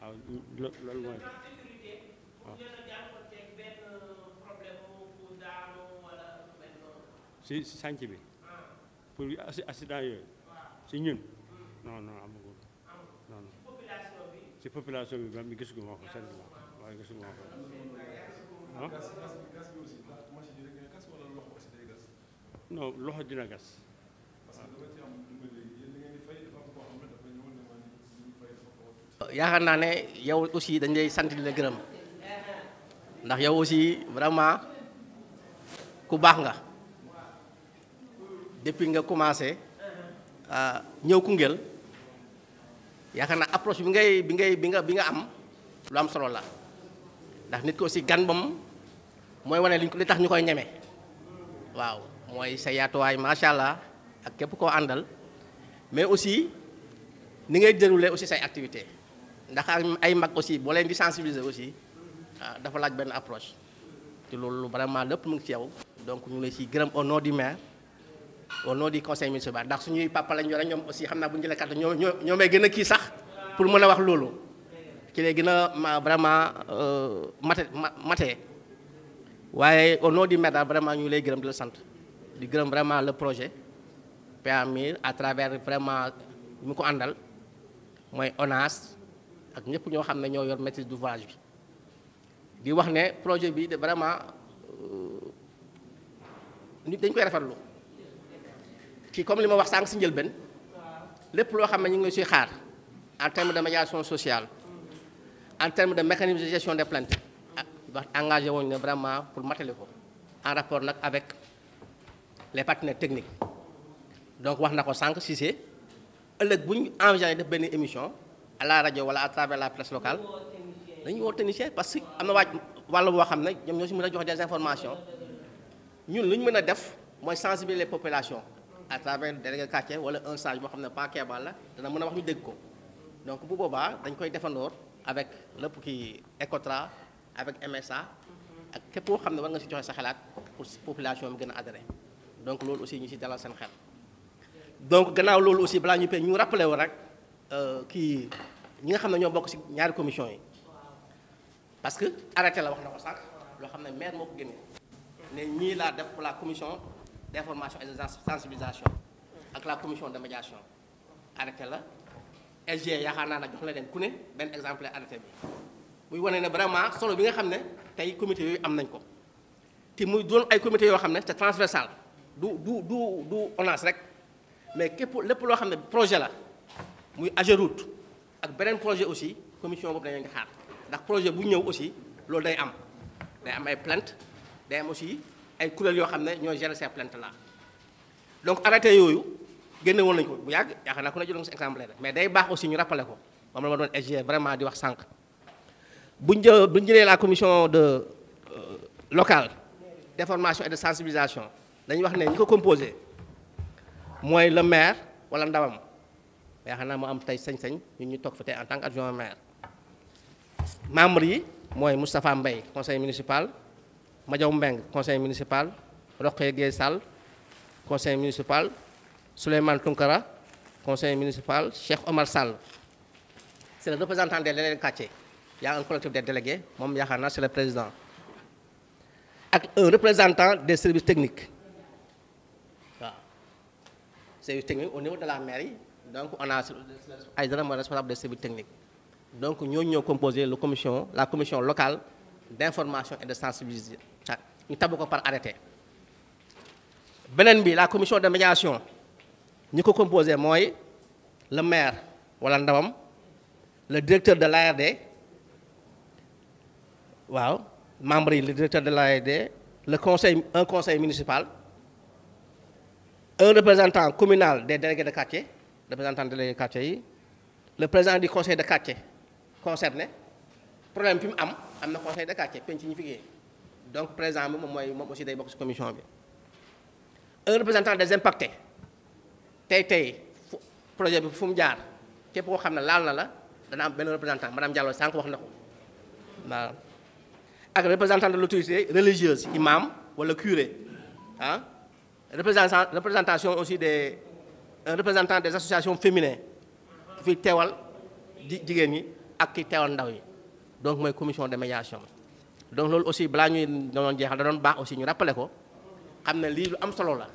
S17: waaw loolu mooy si si sànc bi ah. pour accident yooyu
S2: si ñun hmm.
S17: non non si population bi ba mi gis gu ma ko seen waaye gis gu ma ko non loxo dina gas yaakaar naa ne
S3: yow aussi dañ lay sant di la gërëm ndax yow aussi vraiment ku baax nga depuis nga commencé ah, ñëw Koungheul yaakaar naa approche bi ngay bi ngay bi nga bi nga am lu am solo la ndax nit ko aussi gan bam mooy wane li li tax ñu koy ñeme waaw mooy sa yaatuwaay macha allah ak képp koo àndal mais aussi ni ngay dérouler aussi say activité ndax ay mag aussi boo leen di sensibiliser aussi ah, dafa laaj benn approche te loolu vraiment lépp mu ngi ci yow. donc ñu ngi lay gërëm au nom di maire au nom di conseil municipal ndax suñuy papa lañ yore ñoom aussi xam naa bu ñu jëlee carte ñoo ñoo ñoo gën a kii sax pour mën a wax loolu ki lay gën a vraiment euh, mate mate waaye au nom du maire daal vraiment ñu ngi lay gërëm di la sant di gërëm vraiment le projet PAMIR à travers vraiment mu ko àndal mooy ONAS. ak ñëpp ñoo xam ne ñoo yor maîtrise d'ouvrage bi di wax ne projet bi de vraiment euh, nit dañ koy rafetlu kii comme li ma wax sànq si njëlbeen lépp loo xam ne ñu ngi si xaar en terme de médiation sociale en terme de mécanisme de gestion des plaintes ah, wax engagé woon ne vraiment pour matale ko en rapport nag avec les partenaires techniques donc wax na ko sànq Cissé ëllëg bu ñu envisagé def benn émission. à la rajo wala à travers la presse locale dañu woo technicien parce que am na waaj wàll boo xam ne ñoom ñoo si mën a jox des informations ñun lu ñu mën a def mooy sensibiliser les populations à travers délégué quartier wala un sage boo xam ne pas Kéba la dana mën a wax ñu dégg ko donc bu boobaa dañ koy defandoor avec lépp ki Ecotra avec MSA ak képp koo xam ne war nga si joxe sa xalaat pour population bi gën a adhéré donc loolu aussi ñu si dalal seen xel donc gannaaw loolu aussi balaa ñu pay ñu rappelé wu rek. Euh, kii ñi nga xam ne ñoo bokk ci ñaari commission yi parce que arrêté la wax na ko sànq loo xam ne maire moo ko génne ne ñi laa def la commission d'information et de sensibilisation ak la commission de médiation arrêté la SG yaakaar naa na jox na leen ku ne benn exemple arrêté bi muy wane ne vraiment solo bi nga xam ne tey comité yooyu am nañ ko te muy doon ay comité yoo xam ne c'est transversal du du du du ONAS rek mais képp lépp loo xam ne projet la muy AGEROUTE ak beneen projet aussi commission boobu dañu nga xaar ndax projet bu ñëw aussi loolu day am day am ay plainte day am ay kuréel yoo xam ne ñoo gérer ces plaintes là donc arrêté yooyu génne woon nañu ko bu yàgg yaakaar naa ko ne jëloon si exemple rek mais day baax aussi ñu rappelé ko moom la ma doon SG vraiment di wax sànq buñ jë buñ jëlee la commission de euh, local d'information et de sensibilisation dañuy wax ne ñi ko composé mooy le maire wala ndawam yaakaar naa mu am tey sañ-sañ ñun ñu toog fa tey en tant que adjoint maire membre yi mooy Moustapha Mbaye conseil municipal Madiaw Mbeng conseil municipal Rokhaya Gueye Sall conseil municipal Souleymane Tunkara conseil municipal Cheikh Omar Sall c'est le représentant des leneen quartier y a un collectif des délégués moom yaakaar naa c'est le président ak un représentant des services techniques waaw services de la mairie donc on a Aïdara mooy responsable des services techniques donc ñooñu ñoo composé le commission la commission locale d'information et de sensibilisation ah, ñu tabb ko par arrêté beneen bi la commission de médiation ñi ko composé mooy le maire wala ndawam le directeur de l'ARD waaw membre yi le directeur de l'ARD le conseil un conseil municipal un représentant communal des délégués de quartier représentant délégué quartier yi le président du conseil de quartier concerné problème fi mu am am na conseil de quartier penc ñu fi donc président bi moom mooy moom aussi day bokk ci commission bi un représentant des impactés tey tey fu projet bi fu mu jaar képp koo xam ne laal na la dana am benn représentant madame Diallo sànq wax na ko waaw ak représentant de l'autorité religieuse imam wala curé ah représentant représentation aussi des. un représentant des associations féminines ku fi teewal ji jigéen ñi ak ki teewal ndaw yi donc mooy commission de médiation donc loolu aussi balaa ñuy doon jeexal da doon baax aussi ñu rappelé ko xam ne lii lu am solo la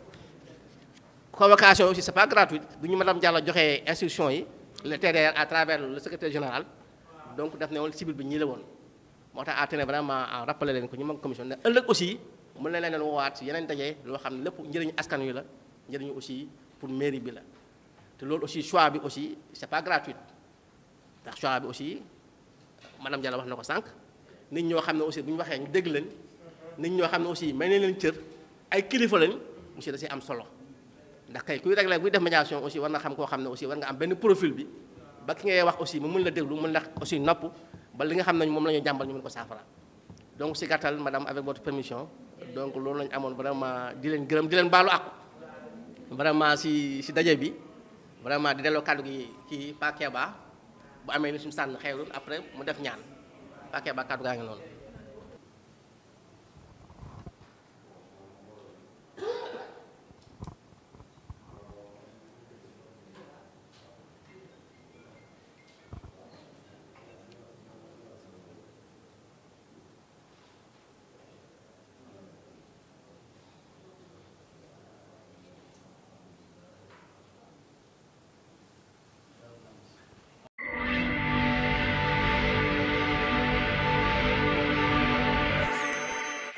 S3: convocation aussi c'est pas gratuite bu ñu madame Diallo joxe instruction yi le TDR à travers le secrétaire général donc def ne woon cible bi ñii la woon moo tax à tenir vraiment à rappeler leen ko ñu mag commission ne ëllëg aussi mën na leen leen yeneen daje loo xam ne lépp njëriñu askan wi la njëriñu aussi pour mairie bi la te loolu aussi choix bi aussi c'est pas gratuit ndax choix bi aussi madame Diallo wax na ko sànq nit ñoo xam ne aussi bu ñu waxee ñu dégg leen nit ñoo xam ne aussi may nañ leen cër ay kilifa lañ monsieur da si am solo ndax kay kuy réglé kuy def médiation aussi war na xam koo xam ne aussi war nga am benn profil bi ba ki ngay wax aussi mu mën la déglu mën la aussi nopp ba li nga xam ne moom la ñu jàmbal ñu mën ko saafara donc si gàttal madame avec votre vraiment si si daje bi vraiment di delloo kàddu gi kii Pake Ba bu amee lu suñu sànn xeewul après mu def ñaan Pake Ba kàddu gaa ngi loolu